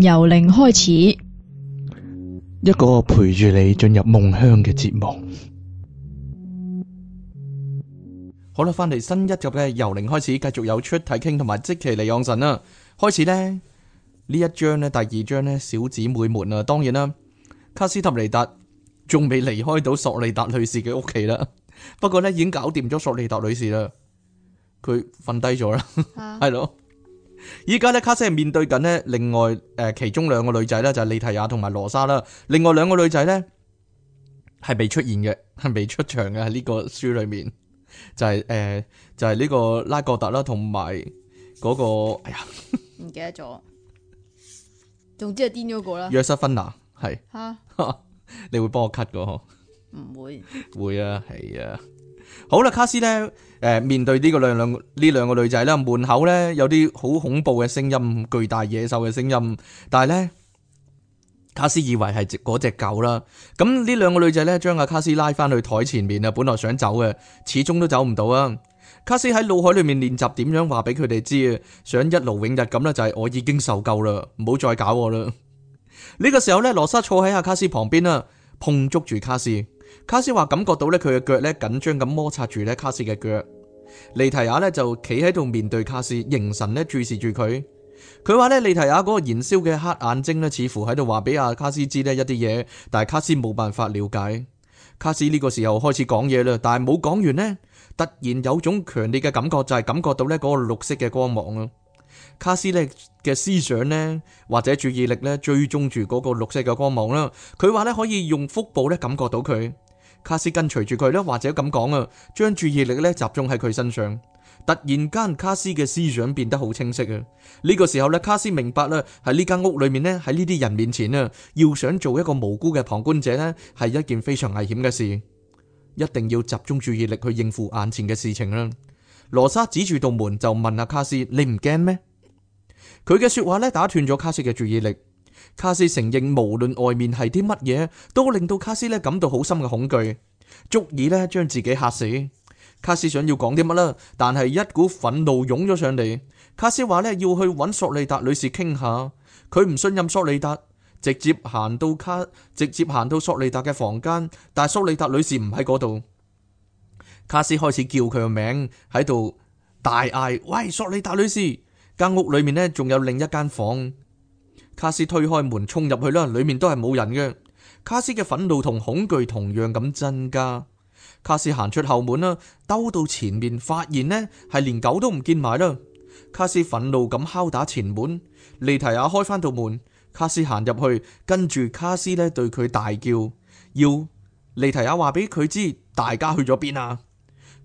由零開始，一個陪住你進入夢鄉嘅節目。 好啦，翻嚟新一集嘅由零開始，繼續有出睇傾同埋即期利昂神啦。開始咧呢一章咧，第二章咧，小姊妹們啊，當然啦，卡斯塔尼達仲未離開到索利達女士嘅屋企啦。不過呢，已經搞掂咗索利達女士啦，佢瞓低咗啦，係咯、啊。 依家咧，卡西係面對緊呢另外誒其中兩個女仔啦，就係莉提亞同埋羅莎啦。另外兩個女仔咧係未出現嘅，係未出場嘅喺呢個書裏面，就係、是、誒、呃、就係、是、呢個拉各達啦，同埋嗰個哎呀唔記得咗，總之係癲咗個啦。約瑟芬娜係吓，哈 你會幫我 cut 嘅嗬？唔會 會啊，係啊。好啦，卡斯呢，誒、呃，面對呢個兩兩呢兩個女仔啦，門口呢有啲好恐怖嘅聲音，巨大野獸嘅聲音，但係呢，卡斯以為係隻嗰隻狗啦。咁、嗯、呢兩個女仔呢，將阿卡斯拉翻去台前面啊，本來想走嘅，始終都走唔到啊。卡斯喺腦海裏面練習點樣話俾佢哋知啊，想一勞永逸咁呢，就係我已經受夠啦，唔好再搞我啦。呢 個時候呢，羅莎坐喺阿卡斯旁邊啦，碰觸住卡斯。卡斯話感覺到咧，佢嘅腳咧緊張咁摩擦住咧卡斯嘅腳。利提亞咧就企喺度面對卡斯，凝神咧注視住佢。佢話咧利提亞嗰個燃燒嘅黑眼睛咧，似乎喺度話俾阿卡斯知呢一啲嘢，但係卡斯冇辦法了解。卡斯呢個時候開始講嘢啦，但係冇講完呢，突然有種強烈嘅感覺，就係、是、感覺到咧嗰個綠色嘅光芒啊！卡斯咧嘅思想呢，或者注意力呢，追蹤住嗰個綠色嘅光芒啦。佢話呢可以用腹部呢感覺到佢。卡斯跟隨住佢咧或者咁講啊，將注意力呢集中喺佢身上。突然間，卡斯嘅思想變得好清晰啊！呢、這個時候呢，卡斯明白啦，喺呢間屋裏面呢，喺呢啲人面前啊，要想做一個無辜嘅旁觀者呢，係一件非常危險嘅事。一定要集中注意力去應付眼前嘅事情啦。羅莎指住道門就問阿、啊、卡斯：你唔驚咩？佢嘅說話咧打斷咗卡斯嘅注意力。卡斯承認，無論外面係啲乜嘢，都令到卡斯咧感到好深嘅恐懼，足以咧將自己嚇死。卡斯想要講啲乜啦，但係一股憤怒湧咗上嚟。卡斯話咧要去揾索利達女士傾下，佢唔信任索利達，直接行到卡，直接行到索利達嘅房間，但索利達女士唔喺嗰度。卡斯開始叫佢個名喺度大嗌：「喂，索利達女士！間屋裏面呢，仲有另一間房。卡斯推開門衝入去啦，裏面都係冇人嘅。卡斯嘅憤怒同恐懼同樣咁增加。卡斯行出後門啦，兜到前面發現呢係連狗都唔見埋啦。卡斯憤怒咁敲打前門，利提亞開翻道門。卡斯行入去，跟住卡斯呢對佢大叫，要利提亞話俾佢知大家去咗邊啊！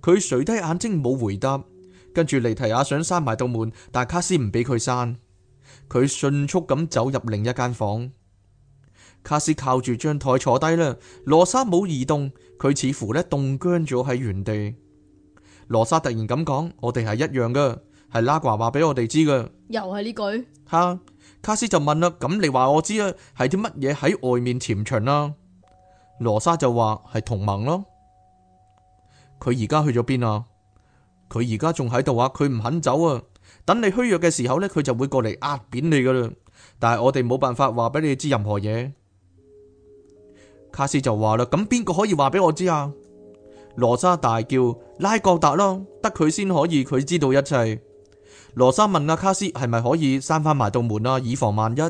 佢垂低眼睛冇回答。跟住尼提亞想閂埋道門，但卡斯唔俾佢閂。佢迅速咁走入另一間房。卡斯靠住張台坐低啦。羅莎冇移動，佢似乎呢凍僵咗喺原地。羅莎突然咁講：，我哋係一樣噶，係拉瓜話俾我哋知噶。又係呢句。吓，卡斯就問啦：，咁你話我知啊，係啲乜嘢喺外面潛藏啦？羅莎就話：係同盟咯。佢而家去咗邊啊？佢而家仲喺度啊！佢唔肯走啊！等你虛弱嘅時候呢，佢就會過嚟壓扁你噶啦。但係我哋冇辦法話俾你知任何嘢。卡斯就話啦：，咁邊個可以話俾我知啊？羅莎大叫：，拉國達咯，得佢先可以，佢知道一切。羅莎問阿卡斯：，係咪可以閂翻埋道門啊？以防萬一。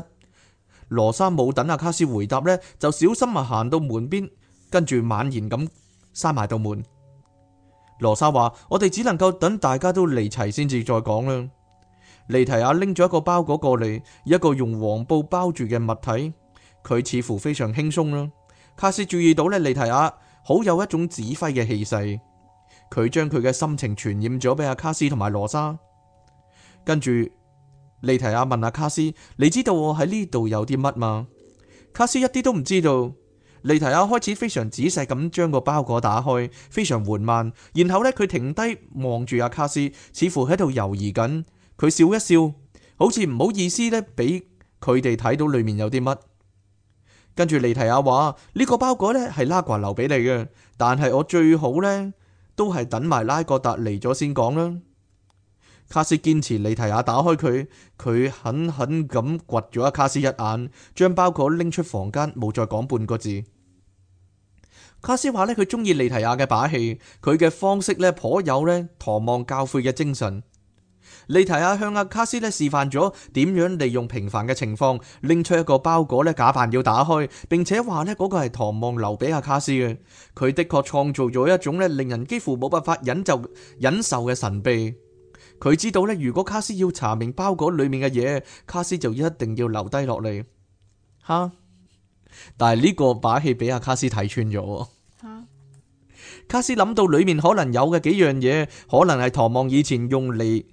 羅莎冇等阿卡斯回答呢，就小心啊，行到門邊，跟住猛然咁閂埋道門。羅莎話：我哋只能夠等大家都嚟齊先至再講啦。利提亞拎咗一個包裹過嚟，一個用黃布包住嘅物體，佢似乎非常輕鬆啦。卡斯注意到呢，利提亞好有一種指揮嘅氣勢，佢將佢嘅心情傳染咗俾阿卡斯同埋羅莎。跟住，利提亞問阿卡斯：你知道我喺呢度有啲乜嗎？卡斯一啲都唔知道。利提亞開始非常仔細咁將個包裹打開，非常緩慢。然後呢，佢停低望住阿卡斯，似乎喺度猶豫緊。佢笑一笑，好似唔好意思呢，俾佢哋睇到裏面有啲乜。跟住利提亞話：呢個包裹呢係拉瓜留俾你嘅，但係我最好呢，都係等埋拉哥達嚟咗先講啦。卡斯堅持利提亞打開佢，佢狠狠咁掘咗阿卡斯一眼，將包裹拎出房間，冇再講半個字。卡斯話咧，佢中意利提亞嘅把戲，佢嘅方式咧頗有咧唐望教誨嘅精神。利提亞向阿卡斯咧示範咗點樣利用平凡嘅情況拎出一個包裹咧，假扮要打開，並且話呢嗰個係唐望留俾阿卡斯嘅。佢的確創造咗一種咧令人幾乎冇辦法忍受忍受嘅神秘。佢知道咧，如果卡斯要查明包裹裏面嘅嘢，卡斯就一定要留低落嚟。吓哈，但係呢個把戲俾阿卡斯睇穿咗。卡斯諗到裏面可能有嘅幾樣嘢，可能係唐望以前用嚟，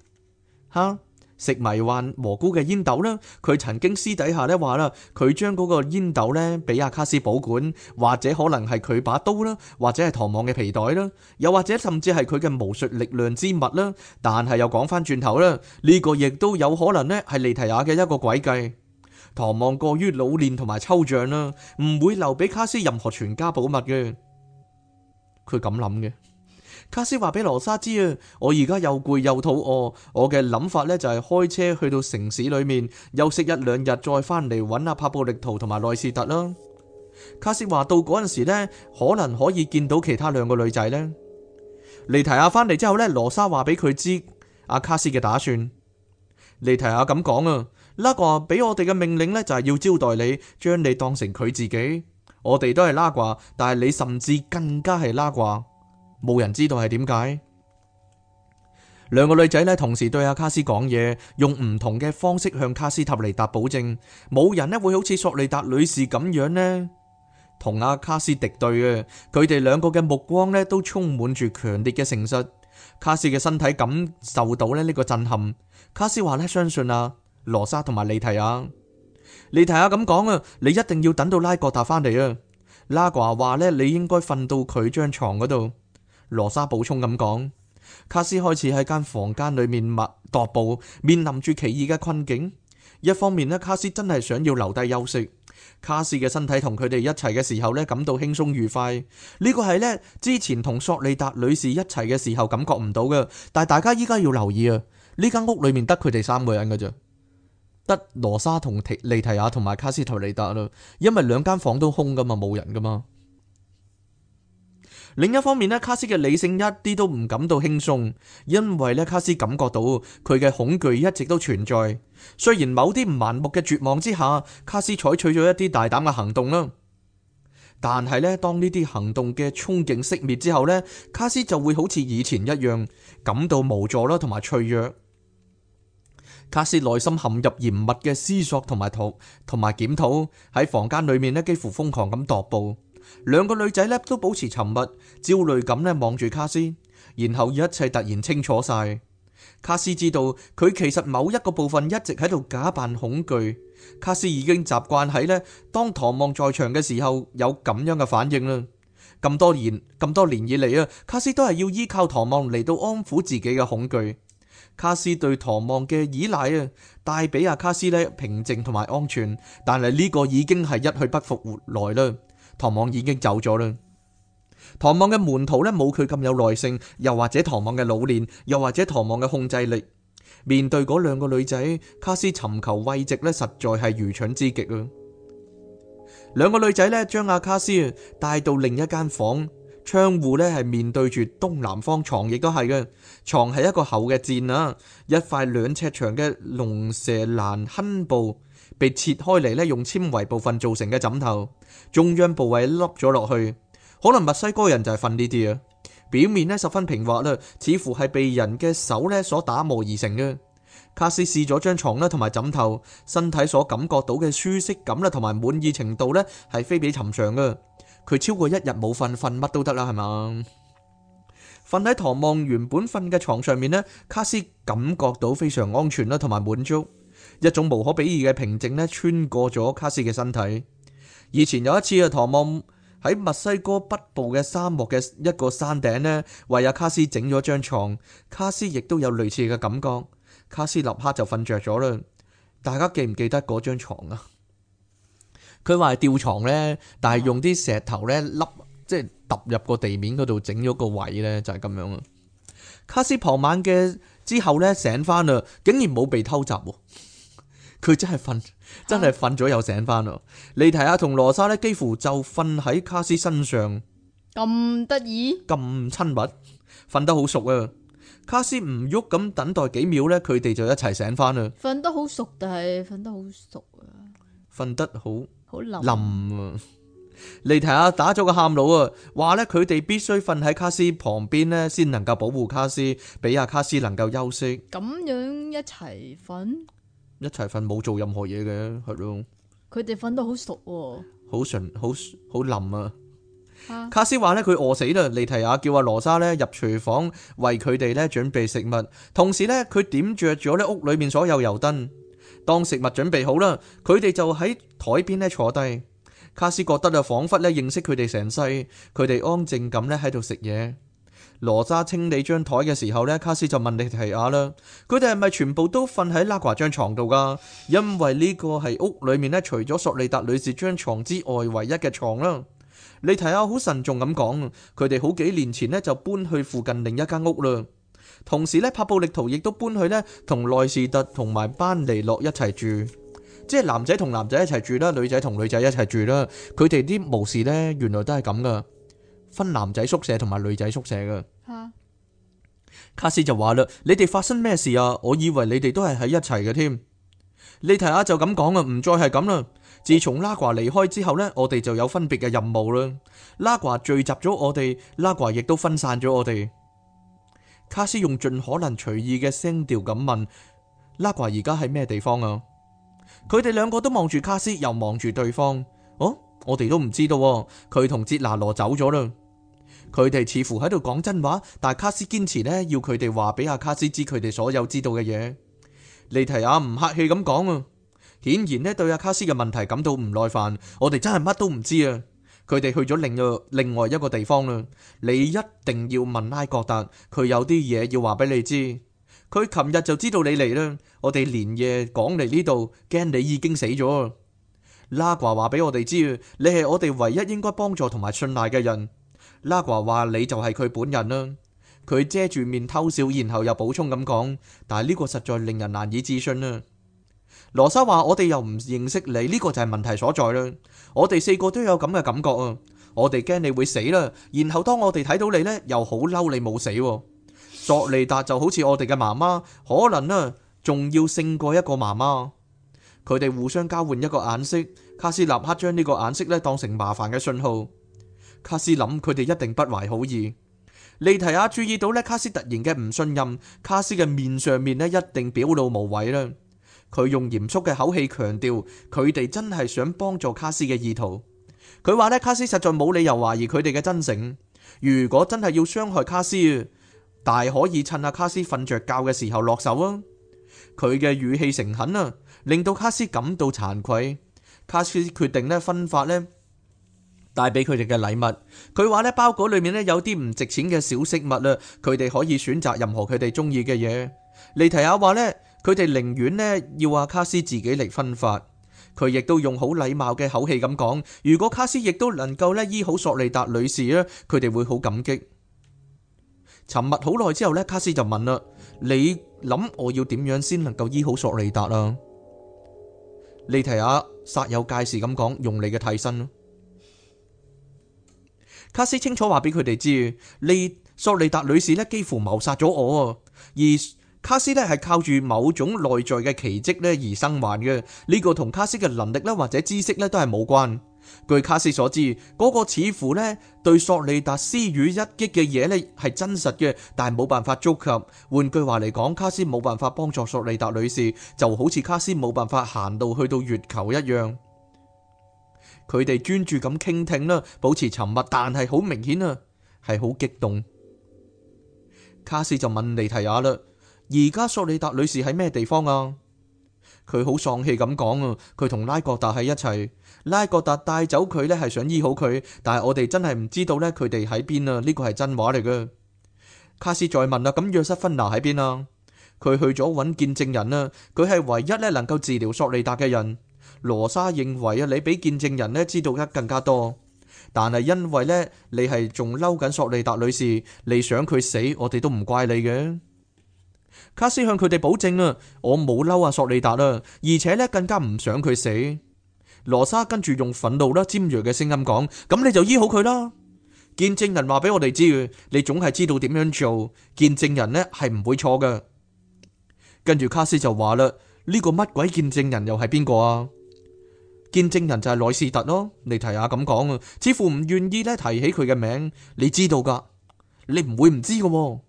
吓食迷幻蘑菇嘅煙斗啦。佢曾經私底下咧話啦，佢將嗰個煙斗咧俾阿卡斯保管，或者可能係佢把刀啦，或者係唐望嘅皮袋啦，又或者甚至係佢嘅巫術力量之物啦。但係又講翻轉頭啦，呢個亦都有可能呢係尼提亞嘅一個詭計。唐望過於老練同埋抽象啦，唔會留俾卡斯任何全家寶物嘅。佢咁諗嘅，卡斯話俾羅莎知啊，我而家又攰，又肚餓，我嘅諗法呢就係開車去到城市裏面休息一兩日，再返嚟揾阿帕布力圖同埋內斯特啦。卡斯話到嗰陣時呢，可能可以見到其他兩個女仔呢。尼提亞返嚟之後呢，羅莎話俾佢知阿卡斯嘅打算。尼提亞咁講啊，拉哥俾我哋嘅命令呢，就係要招待你，將你當成佢自己。我哋都係拉掛，但係你甚至更加係拉掛，冇人知道係點解。兩個女仔咧同時對阿卡斯講嘢，用唔同嘅方式向卡斯塔尼達保證，冇人咧會好似索利達女士咁樣呢，同阿卡斯敵對啊！佢哋兩個嘅目光咧都充滿住強烈嘅誠實。卡斯嘅身體感受到咧呢個震撼，卡斯話咧相信阿羅莎同埋利提啊。你睇下咁講啊！你一定要等到拉格達翻嚟啊！拉哥話呢，你應該瞓到佢張床嗰度。羅莎補充咁講。卡斯開始喺間房間裏面密踱步，面臨住奇異嘅困境。一方面呢，卡斯真係想要留低休息。卡斯嘅身體同佢哋一齊嘅時候呢，感到輕鬆愉快。呢個係呢之前同索利達女士一齊嘅時候感覺唔到嘅。但係大家依家要留意啊！呢間屋裏面得佢哋三個人嘅咋。得羅莎同提利提亞同埋卡斯圖利達啦，因為兩間房都空噶嘛，冇人噶嘛。另一方面咧，卡斯嘅理性一啲都唔感到輕鬆，因為咧卡斯感覺到佢嘅恐懼一直都存在。雖然某啲盲目嘅絕望之下，卡斯採取咗一啲大膽嘅行動啦，但係咧當呢啲行動嘅衝勁熄滅之後咧，卡斯就會好似以前一樣感到無助啦，同埋脆弱。卡斯內心陷入嚴密嘅思索同埋討同埋檢討，喺房間裏面咧幾乎瘋狂咁踱步。兩個女仔咧都保持沉默，焦慮咁咧望住卡斯。然後一切突然清楚晒，卡斯知道佢其實某一個部分一直喺度假扮恐懼。卡斯已經習慣喺咧當唐望在場嘅時候有咁樣嘅反應啦。咁多年咁多年以嚟啊，卡斯都係要依靠唐望嚟到安撫自己嘅恐懼。卡斯對唐望嘅依賴啊，帶俾阿卡斯咧平靜同埋安全，但係呢個已經係一去不復活來啦。唐望已經走咗啦。唐望嘅門徒咧冇佢咁有耐性，又或者唐望嘅老練，又或者唐望嘅控制力，面對嗰兩個女仔，卡斯尋求慰藉呢，實在係愚蠢之極啊！兩個女仔咧將阿卡斯啊帶到另一間房。窗戶咧係面對住東南方床，床亦都係嘅。床係一個厚嘅墊啊，一塊兩尺長嘅龍舌蘭根部被切開嚟咧，用纖維部分做成嘅枕頭，中央部位凹咗落去。可能墨西哥人就係瞓呢啲啊。表面咧十分平滑啦，似乎係被人嘅手咧所打磨而成嘅。卡斯試咗張床啦同埋枕頭，身體所感覺到嘅舒適感啦同埋滿意程度呢，係非比尋常嘅。佢超過一日冇瞓，瞓乜都得啦，係嘛？瞓喺唐望原本瞓嘅床上面呢，卡斯感覺到非常安全啦，同埋滿足，一種無可比擬嘅平靜呢，穿過咗卡斯嘅身體。以前有一次啊，唐望喺墨西哥北部嘅沙漠嘅一個山頂呢，為阿卡斯整咗張床。卡斯亦都有類似嘅感覺，卡斯立刻就瞓着咗啦。大家記唔記得嗰張牀啊？佢話吊床呢，但係用啲石頭呢粒，即係揼入個地面嗰度，整咗個位呢，就係咁樣啊！卡斯傍晚嘅之後呢，醒翻啦，竟然冇被偷襲，佢真係瞓，真係瞓咗又醒翻啦！ 莉提亞同羅莎呢幾乎就瞓喺卡斯身上，咁得意，咁親密，瞓得好熟啊！卡斯唔喐咁等待幾秒呢，佢哋就一齊醒翻啦。瞓得好熟，但係瞓得好熟啊，瞓得好。好冧，利提阿打咗個喊露啊，話咧佢哋必須瞓喺卡斯旁邊咧，先能夠保護卡斯，俾阿卡斯能夠休息。咁樣一齊瞓，一齊瞓冇做任何嘢嘅，係咯。佢哋瞓得好熟，好純，好好冧啊！卡斯話咧佢餓死啦，利提阿叫阿羅莎咧入廚房為佢哋咧準備食物，同時咧佢點著咗咧屋裏面所有油燈。當食物準備好啦，佢哋就喺台邊咧坐低。卡斯覺得啊，仿佛咧認識佢哋成世。佢哋安靜咁咧喺度食嘢。羅莎清理張台嘅時候呢，卡斯就問李提亞啦：佢哋係咪全部都瞓喺拉華張床度噶？因為呢個係屋裏面咧，除咗索利達女士張床之外，唯一嘅床啦。李提亞好慎重咁講：佢哋好幾年前呢就搬去附近另一間屋啦。同時咧，拍布力圖亦都搬去咧，同內士特同埋班尼諾一齊住，即係男仔同男仔一齊住啦，女仔同女仔一齊住啦。佢哋啲無事呢，原來都係咁噶，分男仔宿舍同埋女仔宿舍噶。啊、卡斯就話啦，你哋發生咩事啊？我以為你哋都係喺一齊嘅添。莉提亞就咁講啊，唔再係咁啦。自從拉瓜離開之後呢，我哋就有分別嘅任務啦。拉瓜聚集咗我哋，拉瓜亦都分散咗我哋。卡斯用盡可能隨意嘅聲調咁問：拉瓜而家喺咩地方啊？佢哋兩個都望住卡斯，又望住對方。哦，我哋都唔知道。佢同杰拿羅走咗啦。佢哋似乎喺度講真話，但卡斯堅持呢要佢哋話俾阿卡斯知佢哋所有知道嘅嘢。利提亞唔客氣咁講啊，顯然呢對阿卡斯嘅問題感到唔耐煩。我哋真係乜都唔知啊！佢哋去咗另一個另外一個地方啦，你一定要問拉國達，佢有啲嘢要話俾你知。佢琴日就知道你嚟啦，我哋連夜趕嚟呢度，驚你已經死咗。拉瓜話俾我哋知，你係我哋唯一應該幫助同埋信賴嘅人。拉瓜話你就係佢本人啦，佢遮住面偷笑，然後又補充咁講，但係呢個實在令人難以置信啦。羅莎話：我哋又唔認識你，呢個就係問題所在啦。我哋四個都有咁嘅感覺啊！我哋驚你會死啦，然後當我哋睇到你呢，又好嬲你冇死。索利達就好似我哋嘅媽媽，可能呢仲要勝過一個媽媽。佢哋互相交換一個眼色，卡斯立刻將呢個眼色呢當成麻煩嘅信號。卡斯諗佢哋一定不懷好意。利提亞注意到呢，卡斯突然嘅唔信任，卡斯嘅面上面呢一定表露無遺啦。佢用嚴肅嘅口氣強調佢哋真係想幫助卡斯嘅意圖。佢話呢，卡斯實在冇理由懷疑佢哋嘅真誠。如果真係要傷害卡斯，大可以趁阿卡斯瞓着覺嘅時候落手啊！佢嘅語氣誠懇啊，令到卡斯感到慚愧。卡斯決定呢分發呢，帶俾佢哋嘅禮物。佢話呢，包裹裏面呢有啲唔值錢嘅小飾物啊，佢哋可以選擇任何佢哋中意嘅嘢。利提亞話呢。佢哋寧願咧要阿卡斯自己嚟分發，佢亦都用好禮貌嘅口氣咁講。如果卡斯亦都能夠咧醫好索利達女士啊，佢哋會好感激。沉默好耐之後咧，卡斯就問啦：你諗我要點樣先能夠醫好索利達啊？莉提亞煞有介事咁講：用你嘅替身咯。卡斯清楚話俾佢哋知，莉索利達女士咧幾乎謀殺咗我，而。卡斯咧係靠住某種內在嘅奇蹟咧而生還嘅，呢個同卡斯嘅能力咧或者知識咧都係冇關。據卡斯所知，嗰個似乎咧對索利達施予一擊嘅嘢咧係真實嘅，但係冇辦法觸及。換句話嚟講，卡斯冇辦法幫助索利達女士，就好似卡斯冇辦法行到去到月球一樣。佢哋專注咁傾聽啦，保持沉默，但係好明顯啊，係好激動。卡斯就問尼提亞嘞。而家索利達女士喺咩地方啊？佢好喪氣咁講啊，佢同拉各達喺一齊，拉各達帶走佢呢係想醫好佢，但係我哋真係唔知道呢佢哋喺邊啊！呢個係真話嚟嘅。卡斯再問啦，咁約瑟芬娜喺邊啊？佢去咗揾見證人啊。佢係唯一呢能夠治療索利達嘅人。羅莎認為啊，你比見證人呢知道得更加多，但係因為呢，你係仲嬲緊索利達女士，你想佢死，我哋都唔怪你嘅。卡斯向佢哋保證啊，我冇嬲阿索利達啦，而且咧更加唔想佢死。羅莎跟住用憤怒啦、尖銳嘅聲音講：咁你就醫好佢啦。見證人話俾我哋知，你總係知道點樣做。見證人咧係唔會錯嘅。跟住卡斯就話啦：呢個乜鬼見證人又係邊個啊？見證人就係內斯特咯。尼提亞咁講啊，似乎唔願意咧提起佢嘅名。你知道噶，你唔會唔知嘅。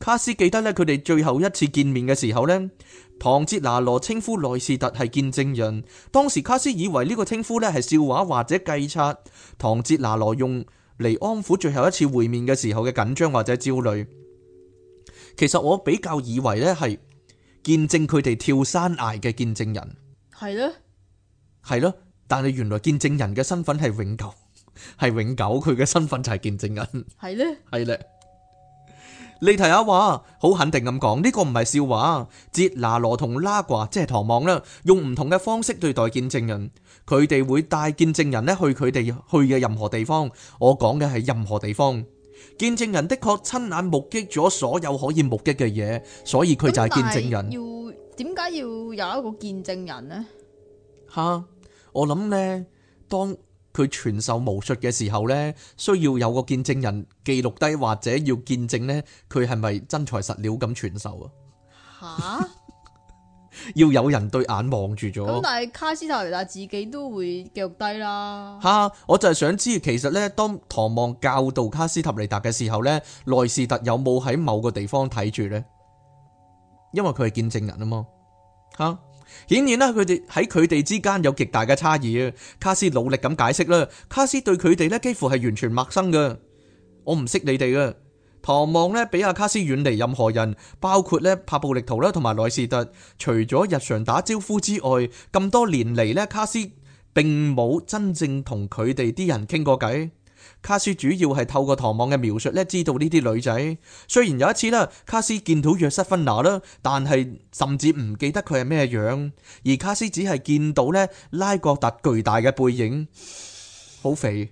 卡斯記得咧，佢哋最後一次見面嘅時候呢，唐哲拿羅稱呼內士特係見證人。當時卡斯以為呢個稱呼咧係笑話或者計策，唐哲拿羅用嚟安撫最後一次會面嘅時候嘅緊張或者焦慮。其實我比較以為呢係見證佢哋跳山崖嘅見證人。係咧的，係咯，但係原來見證人嘅身份係永久，係永久佢嘅身份就係見證人。係咧的，係咧。你提下話，好肯定咁講，呢個唔係笑話。傑拿羅同拉瓜即係唐望啦，用唔同嘅方式對待見證人，佢哋會帶見證人咧去佢哋去嘅任何地方。我講嘅係任何地方，見證人的確親眼目擊咗所有可以目擊嘅嘢，所以佢就係見證人。要點解要有一個見證人呢？吓，我諗呢。當。佢傳授巫術嘅時候呢，需要有個見證人記錄低，或者要見證咧，佢係咪真材實料咁傳授啊？吓！ 要有人對眼望住咗。咁但係卡斯塔利達自己都會記錄低啦。吓、啊，我就係想知，其實呢，當唐望教導卡斯塔利達嘅時候呢，內斯特有冇喺某個地方睇住呢？因為佢係見證人啊嘛。啊！顯然啦，佢哋喺佢哋之間有極大嘅差異啊！卡斯努力咁解釋啦，卡斯對佢哋咧幾乎係完全陌生噶，我唔識你哋噶。唐望咧，俾阿卡斯遠離任何人，包括咧帕布力圖啦，同埋內士特。除咗日常打招呼之外，咁多年嚟咧，卡斯並冇真正同佢哋啲人傾過偈。卡斯主要係透過唐望嘅描述咧，知道呢啲女仔。雖然有一次啦，卡斯見到約瑟芬娜啦，但係甚至唔記得佢係咩樣。而卡斯只係見到咧拉國達巨大嘅背影，好肥。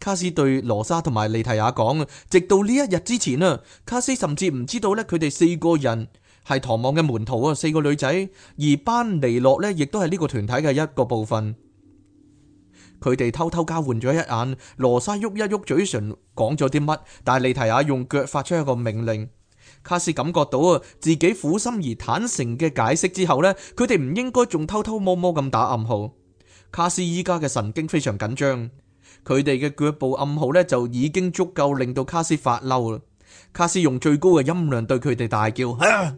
卡斯對羅莎同埋利提亞講，直到呢一日之前啊，卡斯甚至唔知道咧佢哋四個人係唐望嘅門徒啊，四個女仔，而班尼諾咧亦都係呢個團體嘅一個部分。佢哋偷偷交換咗一眼，羅莎喐一喐嘴唇講咗啲乜，但係利提亞用腳發出一個命令。卡斯感覺到啊，自己苦心而坦誠嘅解釋之後呢，佢哋唔應該仲偷偷摸摸咁打暗號。卡斯依家嘅神經非常緊張，佢哋嘅腳步暗號呢就已經足夠令到卡斯發嬲啦。卡斯用最高嘅音量對佢哋大叫，啊，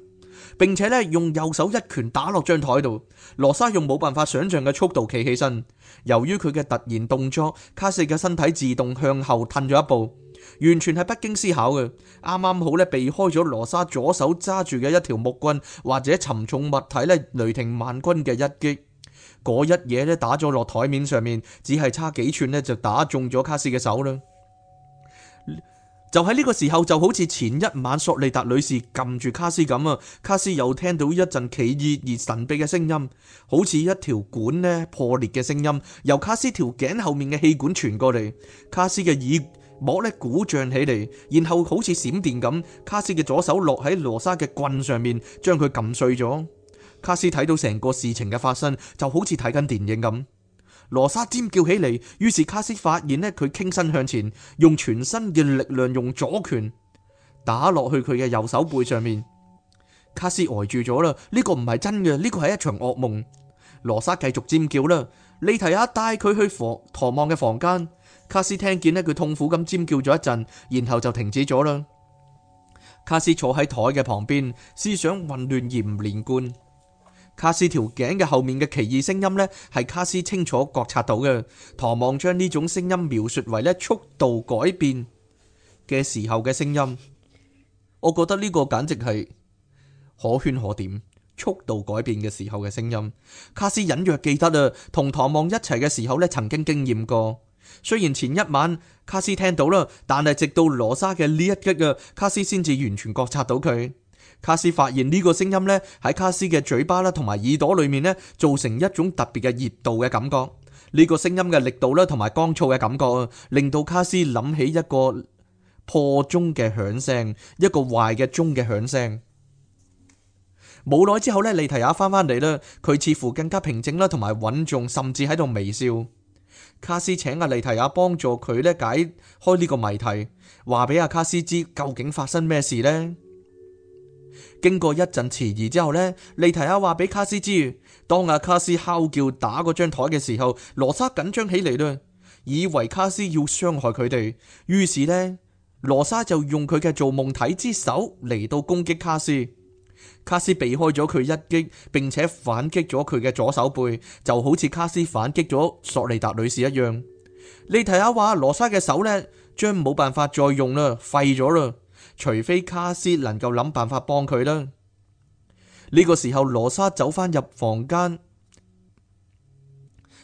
並且呢，用右手一拳打落張台度。羅莎用冇辦法想象嘅速度企起身。由於佢嘅突然動作，卡斯嘅身體自動向後褪咗一步，完全係不經思考嘅。啱啱好呢，避開咗羅莎左手揸住嘅一條木棍或者沉重物體呢雷霆萬鈞嘅一擊，嗰一嘢呢，打咗落台面上面，只係差幾寸呢，就打中咗卡斯嘅手啦。就喺呢個時候，就好似前一晚索利達女士撳住卡斯咁啊！卡斯又聽到一陣奇異而神秘嘅聲音，好似一條管呢破裂嘅聲音，由卡斯條頸後面嘅氣管傳過嚟。卡斯嘅耳膜呢鼓脹起嚟，然後好似閃電咁，卡斯嘅左手落喺羅莎嘅棍上面，將佢撳碎咗。卡斯睇到成個事情嘅發生，就好似睇緊電影咁。羅莎尖叫起嚟，於是卡斯發現咧，佢傾身向前，用全身嘅力量用左拳打落去佢嘅右手背上面。卡斯呆住咗啦，呢、這個唔係真嘅，呢、這個係一場噩夢。羅莎繼續尖叫啦，李提亞帶佢去唐望嘅房間。卡斯聽見咧，佢痛苦咁尖叫咗一陣，然後就停止咗啦。卡斯坐喺台嘅旁邊，思想混亂而唔連貫。卡斯條頸嘅後面嘅奇異聲音呢，係卡斯清楚覺察到嘅。唐望將呢種聲音描述為咧速度改變嘅時候嘅聲音。我覺得呢個簡直係可圈可點。速度改變嘅時候嘅聲音，卡斯隱約記得啊，同唐望一齊嘅時候咧，曾經經驗過。雖然前一晚卡斯聽到啦，但係直到羅莎嘅呢一擊啊，卡斯先至完全覺察到佢。卡斯發現呢個聲音呢，喺卡斯嘅嘴巴啦同埋耳朵裏面呢，造成一種特別嘅熱度嘅感覺。呢個聲音嘅力度啦同埋乾燥嘅感覺，令到卡斯諗起一個破鐘嘅響聲，一個壞嘅鐘嘅響聲。冇耐之後呢，利提亞翻返嚟啦，佢似乎更加平靜啦同埋穩重，甚至喺度微笑。卡斯請阿利提亞幫助佢呢，解開呢個謎題，話俾阿卡斯知究竟發生咩事呢。經過一陣遲疑之後呢，利提亞話俾卡斯知，當阿卡斯敲叫打嗰張台嘅時候，羅莎緊張起嚟嘞，以為卡斯要傷害佢哋，於是呢，羅莎就用佢嘅造夢體之手嚟到攻擊卡斯，卡斯避開咗佢一擊，並且反擊咗佢嘅左手背，就好似卡斯反擊咗索利達女士一樣。利提亞話羅莎嘅手呢，將冇辦法再用啦，廢咗啦。除非卡斯能夠諗辦法幫佢啦，呢個時候羅莎走返入房間，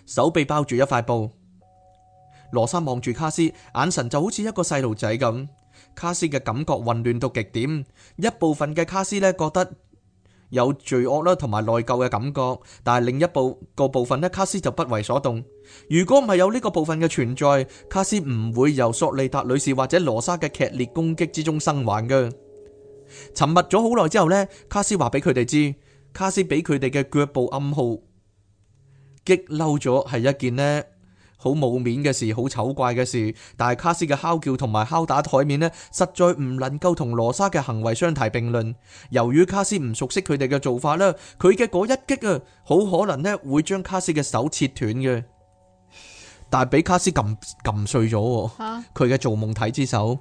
手臂包住一塊布。羅莎望住卡斯，眼神就好似一個細路仔咁。卡斯嘅感覺混亂到極點，一部分嘅卡斯呢覺得。有罪惡啦，同埋內疚嘅感覺，但係另一部個部分咧，卡斯就不為所動。如果唔係有呢個部分嘅存在，卡斯唔會由索利達女士或者羅莎嘅劇烈攻擊之中生還嘅。沉默咗好耐之後呢，卡斯話俾佢哋知，卡斯俾佢哋嘅腳步暗號，激嬲咗係一件呢，好冇面嘅事，好醜怪嘅事。但係卡斯嘅敲叫同埋敲打台面呢，實在唔能夠同羅莎嘅行為相提並論。由於卡斯唔熟悉佢哋嘅做法啦，佢嘅嗰一擊啊，好可能呢會將卡斯嘅手切斷嘅。但係俾卡斯撳撳碎咗，佢嘅造夢體之手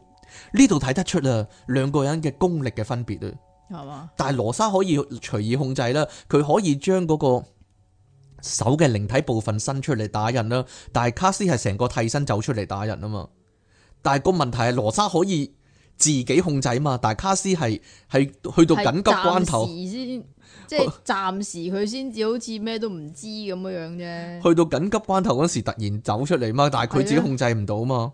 呢度睇得出啊，兩個人嘅功力嘅分別啊。但係羅莎可以隨意控制啦，佢可以將嗰個。手嘅靈體部分伸出嚟打人啦，但係卡斯係成個替身走出嚟打人啊嘛。但係個問題係羅莎可以自己控制嘛，但係卡斯係係去到緊急關頭先，即係暫時佢先至好似咩都唔知咁樣樣啫。 去到緊急關頭嗰時突然走出嚟嘛，但係佢自己控制唔到啊嘛。的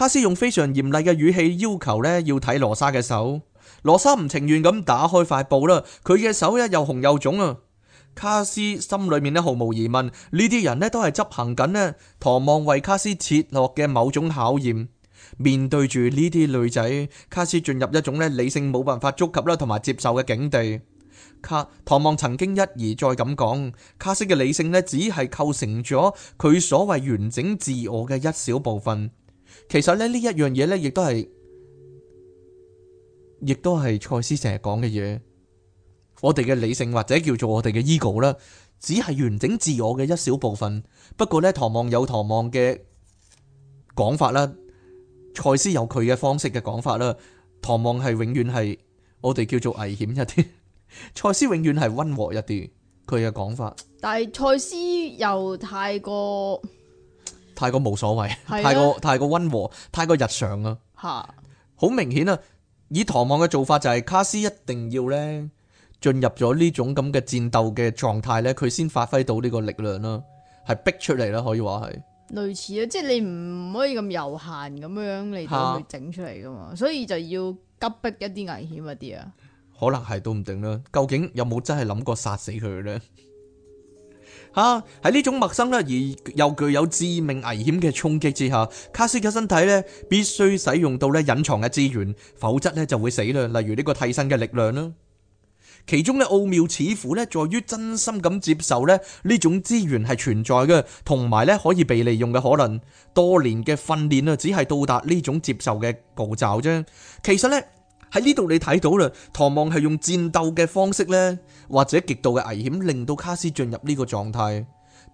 卡斯用非常嚴厲嘅語氣要求咧，要睇羅莎嘅手。羅莎唔情願咁打開塊布啦，佢嘅手咧又紅又腫啊。卡斯心裏面呢，毫無疑問，呢啲人呢，都係執行緊呢唐望為卡斯設落嘅某種考驗。面對住呢啲女仔，卡斯進入一種呢理性冇辦法觸及啦，同埋接受嘅境地。卡唐望曾經一而再咁講，卡斯嘅理性呢，只係構成咗佢所謂完整自我嘅一小部分。其實呢呢一樣嘢呢，亦都係，亦都係蔡斯成日講嘅嘢。我哋嘅理性或者叫做我哋嘅 ego 啦，只係完整自我嘅一小部分。不過咧，唐望有唐望嘅講法啦，賽斯有佢嘅方式嘅講法啦。唐望係永遠係我哋叫做危險一啲，賽斯永遠係溫和一啲，佢嘅講法。但係賽斯又太過太過無所謂，的太過太過溫和，太過日常啊！吓的，好明顯啊！以唐望嘅做法就係、是、卡斯一定要咧。進入咗呢種咁嘅戰鬥嘅狀態呢，佢先發揮到呢個力量啦，係逼出嚟啦，可以話係類似啊，即係你唔可以咁悠閒咁樣嚟到去整出嚟㗎嘛，所以就要急迫一啲危險一啲啊，可能係都唔定啦，究竟有冇真係諗過殺死佢呢？吓，喺呢種陌生呢，而又具有致命危險嘅衝擊之下，卡斯嘅身體呢必須使用到呢隱藏嘅資源，否則呢就會死啦，例如呢個替身嘅力量啦。其中嘅奧妙似乎咧，在於真心咁接受咧呢種資源係存在嘅，同埋咧可以被利用嘅可能。多年嘅訓練啊，只係到達呢種接受嘅步驟啫。其實咧喺呢度你睇到啦，唐望係用戰鬥嘅方式咧，或者極度嘅危險，令到卡斯進入呢個狀態。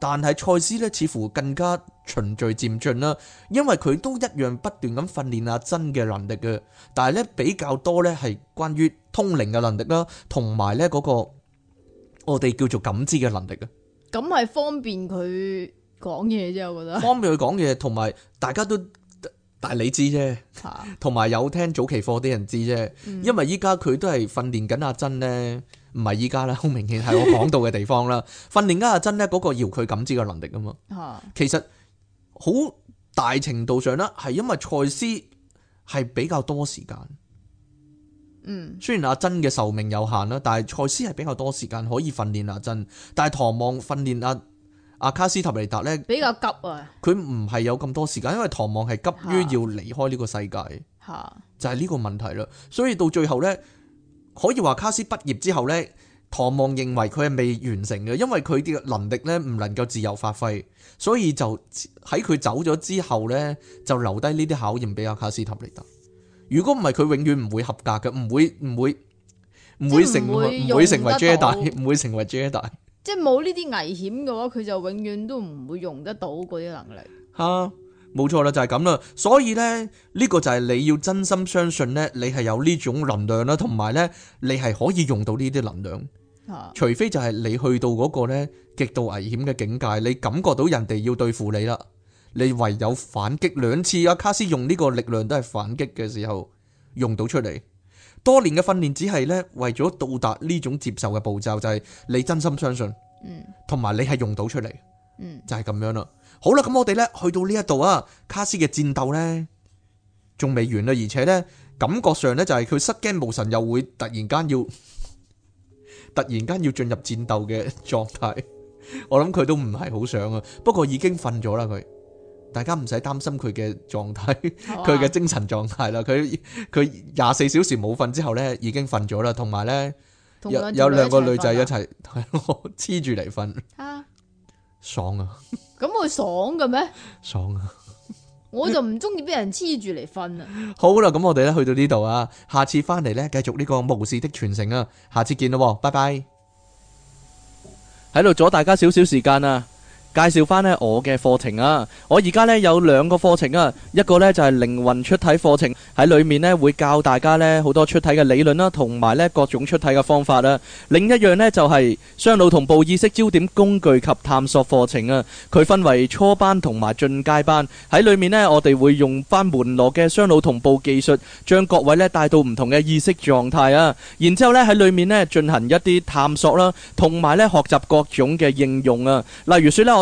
但係賽斯咧，似乎更加循序漸進啦，因為佢都一樣不斷咁訓練阿珍嘅能力嘅。但係咧比較多咧係關於通靈嘅能力啦，同埋咧嗰個我哋叫做感知嘅能力嘅。咁係方便佢講嘢啫，我覺得。方便佢講嘢，同埋大家都但係你知啫，同埋有聽早期課啲人知啫，因為依家佢都係訓練緊阿珍咧。唔係依家啦，好明顯係我講到嘅地方啦。訓練阿阿珍呢嗰個要佢感知嘅能力啊嘛。 其實好大程度上呢，係因為賽斯係比較多時間。嗯，雖然阿珍嘅壽命有限啦，但係賽斯係比較多時間可以訓練阿珍。但係唐望訓練阿阿卡斯塔尼達呢，比較急啊。佢唔係有咁多時間，因為唐望係急於要離開呢個世界。吓， 就係呢個問題啦。所以到最後呢。可以話卡斯畢業之後咧，唐望認為佢係未完成嘅，因為佢啲能力咧唔能夠自由發揮，所以就喺佢走咗之後咧，就留低呢啲考驗俾阿卡斯塔尼達。如果唔係，佢永遠唔會合格嘅，唔會唔會唔會成為唔會成為 Jedi，唔會成為 Jedi。即係冇呢啲危險嘅話，佢就永遠都唔會用得到嗰啲能力。吓。冇錯啦，就係咁啦，所以呢，呢個就係你要真心相信呢，你係有呢種能量啦，同埋呢，你係可以用到呢啲能量，啊、除非就係你去到嗰個呢極度危險嘅境界，你感覺到人哋要對付你啦，你唯有反擊兩次啊！卡斯用呢個力量都係反擊嘅時候用到出嚟，多年嘅訓練只係呢，為咗到達呢種接受嘅步驟，就係你真心相信，嗯，同埋你係用到出嚟，嗯，就係咁樣啦。好啦，咁我哋咧，去到呢一度啊，卡斯嘅戰鬥咧，仲未完啦，而且咧，感覺上咧就係佢失驚無神，又會突然間要突然間要進入戰鬥嘅狀態。我諗佢都唔係好想啊，不過已經瞓咗啦佢。大家唔使擔心佢嘅狀態，佢嘅精神狀態啦。佢佢廿四小時冇瞓之後咧已經瞓咗啦，同埋咧有有兩個女仔一齊黐住嚟瞓，爽啊！咁會爽嘅咩？爽啊！ 我就唔中意俾人黐住嚟瞓啊！ 好啦，咁我哋咧去到呢度啊，下次翻嚟咧繼續呢、這個巫士的傳承啊！下次見咯，拜拜！喺度 阻大家少少時間啊！介紹翻咧我嘅課程啊！我而家咧有兩個課程啊，一個咧就係靈魂出體課程，喺裡面咧會教大家咧好多出體嘅理論啦，同埋咧各種出體嘅方法啦。另一樣咧就係雙腦同步意識焦點工具及探索課程啊。佢分為初班同埋進階班，喺裡面咧我哋會用返門羅嘅雙腦同步技術，將各位咧帶到唔同嘅意識狀態啊。然之後咧喺裡面咧進行一啲探索啦，同埋咧學習各種嘅應用啊。例如説咧我。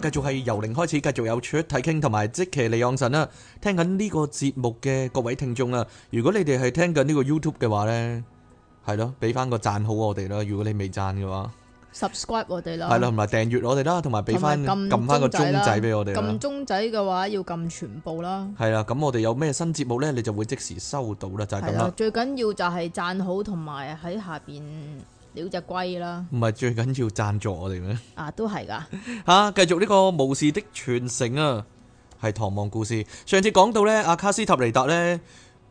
繼續係由零開始，繼續有出睇傾，同埋即期利昂神啦。聽緊呢個節目嘅各位聽眾啊，如果你哋係聽緊呢個 YouTube 嘅話呢係咯，俾翻個讚好我哋啦。如果你未讚嘅話，subscribe 我哋啦，係啦，同埋訂閱我哋啦，同埋俾翻撳翻個鐘仔俾我哋。撳鐘仔嘅話要撳全部啦。係啦，咁我哋有咩新節目呢？你就會即時收到啦，就係咁啦。最緊要就係讚好同埋喺下邊。鳥隻龜啦，唔係最緊要贊助我哋咩？啊，都係噶吓，繼續呢個巫士的傳承啊，係唐望故事。上次講到咧，阿卡斯塔尼達咧，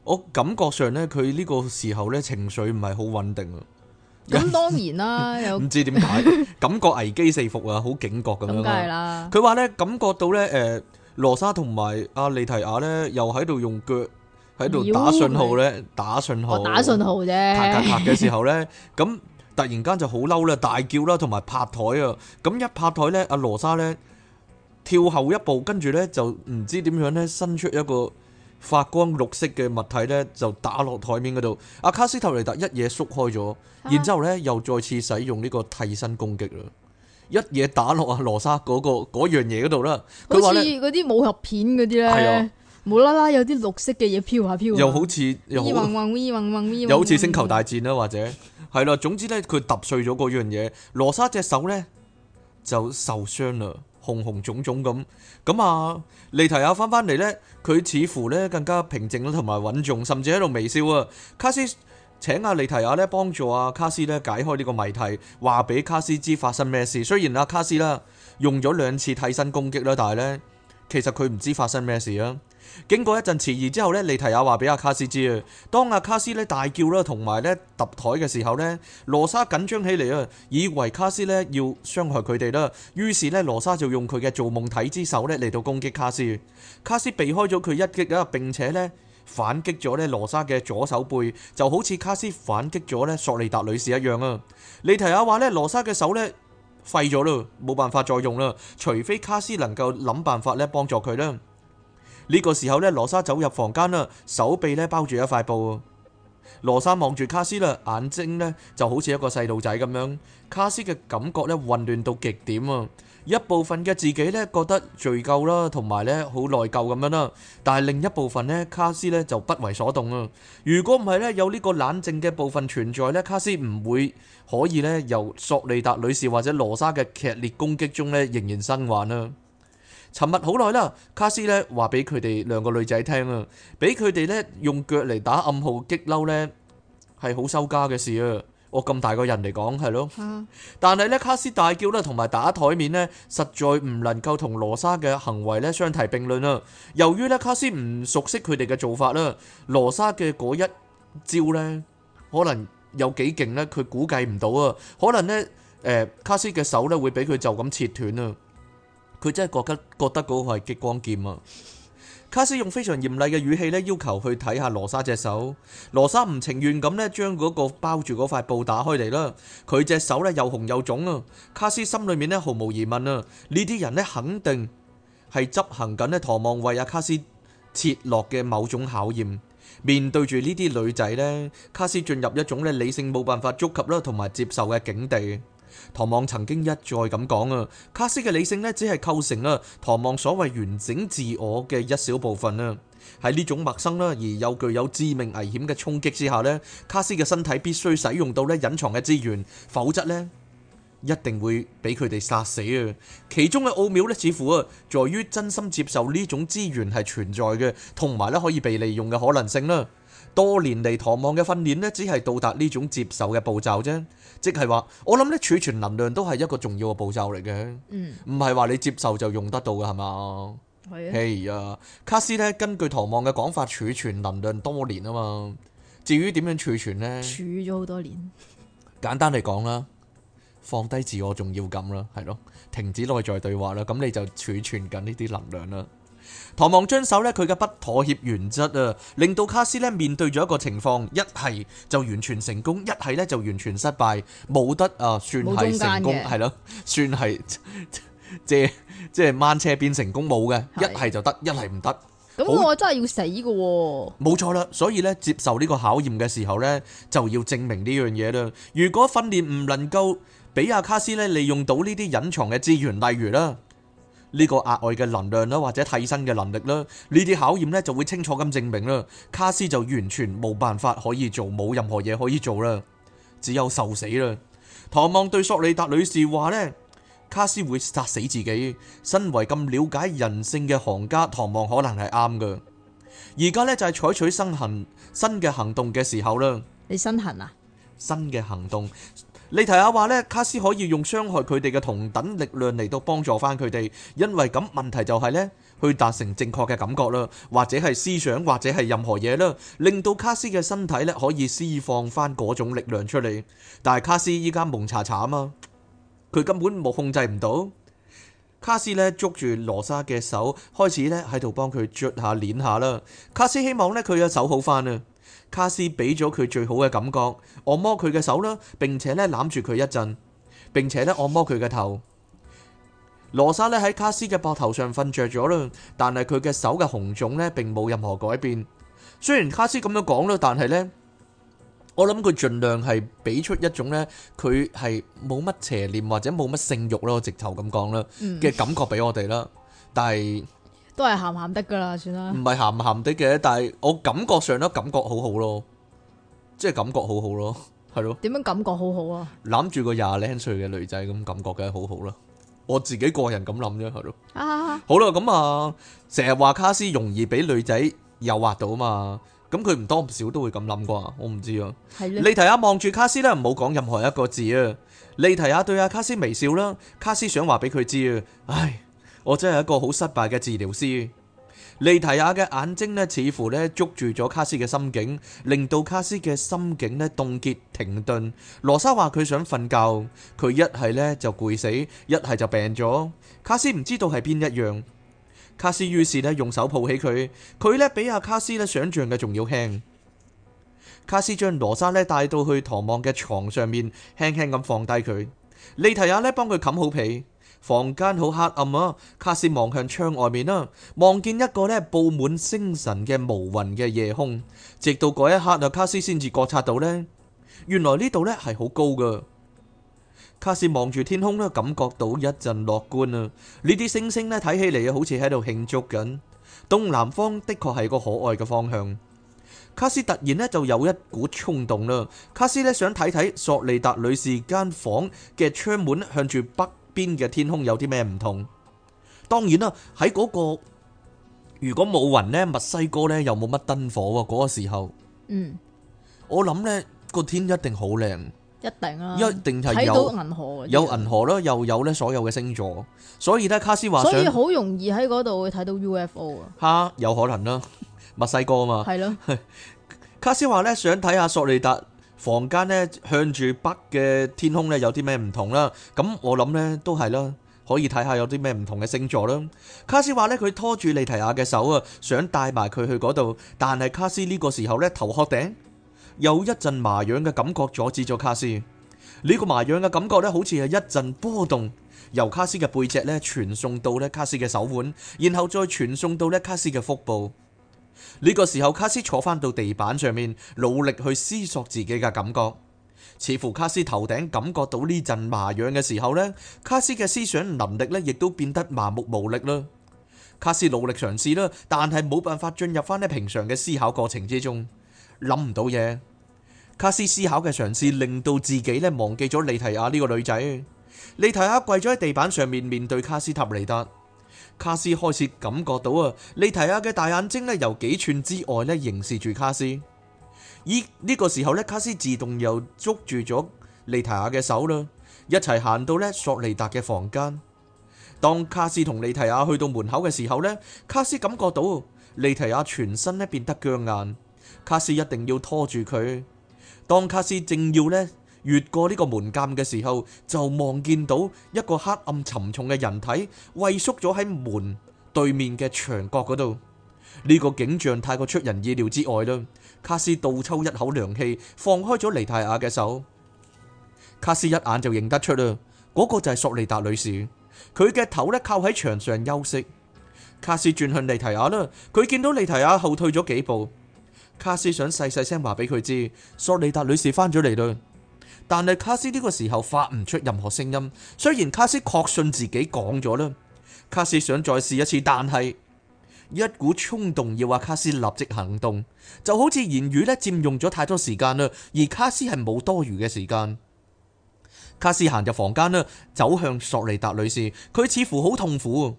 我感覺上咧佢呢個時候咧情緒唔係好穩定啊。咁當然啦，又唔知點解感覺危機四伏啊，好警覺咁樣啦。佢話咧，感覺到咧，誒，羅莎同埋阿利提亞咧，又喺度用腳喺度打信號咧，打信號，打信號啫。夾夾夾嘅時候咧，咁。突然間就好嬲啦，大叫啦，同埋拍台啊！咁一拍台呢，阿羅莎呢跳後一步，跟住呢就唔知點樣呢，伸出一個發光綠色嘅物體呢，就打落台面嗰度。阿卡斯特雷達一嘢縮開咗，然之後咧又再次使用呢個替身攻擊啦，一嘢打落阿羅莎嗰個嗰樣嘢嗰度啦。好似嗰啲武俠片嗰啲咧，係啊，無啦啦有啲綠色嘅嘢飄下飄下，又好似又好似星球大戰啦，或者。係啦，總之咧，佢揼碎咗嗰樣嘢，羅莎隻手咧就受傷啦，紅紅腫腫咁。咁啊，利提亞翻翻嚟咧，佢似乎咧更加平靜同埋穩重，甚至喺度微笑啊。卡斯請阿、啊、利提亞咧幫助阿、啊、卡斯咧解開呢個謎題，話俾卡斯知發生咩事。雖然阿、啊、卡斯啦用咗兩次替身攻擊啦，但係咧其實佢唔知發生咩事啊。經過一陣遲疑之後呢，利提亞話俾阿卡斯知啊。當阿卡斯咧大叫啦，同埋咧揼台嘅時候呢，羅莎緊張起嚟啊，以為卡斯咧要傷害佢哋啦，於是呢，羅莎就用佢嘅做夢體之手咧嚟到攻擊卡斯。卡斯避開咗佢一擊啊，並且呢反擊咗呢羅莎嘅左手背，就好似卡斯反擊咗呢索利達女士一樣啊。利提亞話呢羅莎嘅手呢，廢咗喇，冇辦法再用啦，除非卡斯能夠諗辦法咧幫助佢啦。呢個時候呢，羅莎走入房間啦，手臂呢包住一塊布。羅莎望住卡斯啦，眼睛呢就好似一個細路仔咁樣。卡斯嘅感覺呢混亂到極點啊！一部分嘅自己呢覺得罪疚啦，同埋呢好內疚咁樣啦。但係另一部分呢，卡斯呢就不為所動啊！如果唔係呢，有呢個冷靜嘅部分存在呢，卡斯唔會可以呢由索利達女士或者羅莎嘅劇烈攻擊中呢仍然生還啦。沉默好耐啦，卡斯咧話俾佢哋兩個女仔聽啊，俾佢哋咧用腳嚟打暗號激嬲咧，係好收家嘅事啊！我咁大個人嚟講係咯，但係咧卡斯大叫啦，同埋打台面咧，實在唔能夠同羅莎嘅行為咧相提並論啊。由於咧卡斯唔熟悉佢哋嘅做法啦，羅莎嘅嗰一招咧，可能有幾勁咧，佢估計唔到啊，可能咧誒卡斯嘅手咧會俾佢就咁切斷啊。佢真係覺得覺得嗰個係激光劍啊！卡斯用非常嚴厲嘅語氣咧，要求去睇下羅莎隻手。羅莎唔情願咁咧，將嗰個包住嗰塊布打開嚟啦。佢隻手咧又紅又腫啊！卡斯心裏面咧毫無疑問啊，呢啲人咧肯定係執行緊呢唐望為阿卡斯設落嘅某種考驗。面對住呢啲女仔咧，卡斯進入一種咧理性冇辦法觸及啦，同埋接受嘅境地。唐望曾經一再咁講啊，卡斯嘅理性呢，只係構成啊唐望所謂完整自我嘅一小部分啊。喺呢種陌生啦，而又具有致命危險嘅衝擊之下呢，卡斯嘅身體必須使用到呢隱藏嘅資源，否則呢。一定會俾佢哋殺死啊！其中嘅奧妙咧，似乎啊，在於真心接受呢種資源係存在嘅，同埋咧可以被利用嘅可能性啦。多年嚟唐望嘅訓練咧，只係到達呢種接受嘅步驟啫，即係話我諗咧儲存能量都係一個重要嘅步驟嚟嘅。嗯，唔係話你接受就用得到嘅係嘛？係啊。係啊。hey, 卡斯咧根據唐望嘅講法儲存能量多年啊嘛。至於點樣儲存呢？儲咗好多年。簡單嚟講啦。放低自我重要感啦，係咯，停止內在對話啦，咁你就儲存緊呢啲能量啦。唐望遵守咧佢嘅不妥協原則啊，令到卡斯咧面對咗一個情況，一係就完全成功，一係咧就完全失敗，冇得啊，算係成功，係咯，算係即係即係慢車變成功冇嘅，一係就得，一係唔得。咁我真係要死㗎，冇錯啦。所以咧，接受呢個考驗嘅時候咧，就要證明呢樣嘢啦。如果訓練唔能夠。俾阿卡斯咧利用到呢啲隱藏嘅資源，例如啦呢個額外嘅能量啦，或者替身嘅能力啦，呢啲考驗咧就會清楚咁證明啦。卡斯就完全冇辦法可以做，冇任何嘢可以做啦，只有受死啦。唐望對索利達女士話呢，卡斯會殺死自己。身為咁了解人性嘅行家，唐望可能係啱噶。而家呢，就係採取新行新嘅行動嘅時候啦。你新行啊？新嘅行動。莉提亞話咧，卡斯可以用傷害佢哋嘅同等力量嚟到幫助翻佢哋，因為咁問題就係咧，去達成正確嘅感覺啦，或者係思想，或者係任何嘢啦，令到卡斯嘅身體咧可以釋放翻嗰種力量出嚟。但係卡斯依家蒙查查啊嘛，佢根本冇控制唔到。卡斯咧捉住羅莎嘅手，開始咧喺度幫佢捽下、捻下啦。卡斯希望咧佢嘅手好翻啊。卡斯俾咗佢最好嘅感覺，按摩佢嘅手啦，並且咧攬住佢一陣，並且咧按摩佢嘅頭。羅莎咧喺卡斯嘅膊頭上瞓着咗啦，但係佢嘅手嘅紅腫咧並冇任何改變。雖然卡斯咁樣講啦，但係咧，我諗佢盡量係俾出一種咧，佢係冇乜邪念或者冇乜性慾咯，直頭咁講啦嘅感覺俾我哋啦，但係。都係咸咸的噶啦，算啦。唔係咸咸的嘅，但係我感覺上都感覺好好咯，即係感覺好好咯，係咯。點樣感覺好好啊？攬住個廿零歲嘅女仔咁感覺梗係好好啦，我自己個人咁諗啫，係咯。啊，好啦，咁啊，成日話卡斯容易俾女仔誘惑到啊嘛，咁佢唔多唔少都會咁諗啩，我唔知啊。係咧。李提亞望住卡斯啦，唔好講任何一個字啊。李提亞對阿卡斯微笑啦，卡斯想話俾佢知啊，唉。我真係一個好失敗嘅治療師。利提亞嘅眼睛呢，似乎呢捉住咗卡斯嘅心境，令到卡斯嘅心境呢凍結停頓。羅莎話佢想瞓覺，佢一係呢就攰死，一係就病咗。卡斯唔知道係邊一樣。卡斯於是呢用手抱起佢，佢呢比阿卡斯呢想象嘅仲要輕。卡斯將羅莎呢帶到去唐望嘅床上面，輕輕咁放低佢。利提亞呢幫佢冚好被。房間好黑暗啊！卡斯望向窗外面啦，望見一個呢布滿星辰嘅無雲嘅夜空。直到嗰一刻啊，卡斯先至覺察到呢，原來呢度呢係好高噶。卡斯望住天空呢，感覺到一陣樂觀啊！呢啲星星呢，睇起嚟好似喺度慶祝緊。東南方的確係個可愛嘅方向。卡斯突然呢，就有一股衝動啦！卡斯呢，想睇睇索利達女士間房嘅窗門向住北邊嘅天空有啲咩唔同？當然啦，喺嗰、個如果冇雲呢，墨西哥呢又冇乜燈火嗰、個時候，嗯，我諗呢、個天一定好靚，一定啦、啊，一定係有銀河有銀河啦，又有呢所有嘅星座，所以呢，卡斯話，所以好容易喺嗰度會睇到 UFO 啊，吓有可能啦，墨西哥啊嘛，係咯 的，卡斯話呢，想睇下索利達。房間呢，向住北嘅天空呢，有啲咩唔同啦，咁我諗呢都係啦，可以睇下有啲咩唔同嘅星座啦。卡斯話呢，佢拖住莉提亞嘅手啊，想帶埋佢去嗰度，但係卡斯呢個時候呢，頭殼頂有一陣麻癢嘅感覺阻止咗卡斯。呢個麻癢嘅感覺呢，好似係一陣波動由卡斯嘅背脊呢傳送到呢卡斯嘅手腕，然後再傳送到呢卡斯嘅腹部。呢個時候，卡斯坐翻到地板上面，努力去思索自己嘅感覺。似乎卡斯頭頂感覺到呢陣麻癢嘅時候呢，卡斯嘅思想能力呢亦都變得麻木無力啦。卡斯努力嘗試啦，但係冇辦法進入翻呢平常嘅思考過程之中，諗唔到嘢。卡斯思考嘅嘗試令到自己呢忘記咗利提亞呢個女仔。利提亞跪咗喺地板上面，面對卡斯塔尼達。卡斯開始感覺到啊，莉提亞嘅大眼睛咧，由幾寸之外咧凝視住卡斯。依、這、呢個時候咧，卡斯自動又捉住咗莉提亞嘅手啦，一齊行到咧索利達嘅房間。當卡斯同莉提亞去到門口嘅時候咧，卡斯感覺到莉提亞全身咧變得僵硬，卡斯一定要拖住佢。當卡斯正要呢。越過呢個門檻嘅時候，就望見到一個黑暗沉重嘅人體畏縮咗喺門對面嘅牆角嗰度。呢個景象太過出人意料之外啦。卡斯倒抽一口涼氣，放開咗尼提亞嘅手。卡斯一眼就認得出啦，嗰個就係索利達女士。佢嘅頭呢靠喺牆上休息。卡斯轉向尼提亞啦，佢見到尼提亞後退咗幾步。卡斯想細細聲話俾佢知，索利達女士翻咗嚟啦。但係卡斯呢個時候發唔出任何聲音，雖然卡斯確信自己講咗啦，卡斯想再試一次，但係一股衝動要話卡斯立即行動，就好似言語咧佔用咗太多時間啦，而卡斯係冇多餘嘅時間。卡斯行入房間啦，走向索尼達女士，佢似乎好痛苦，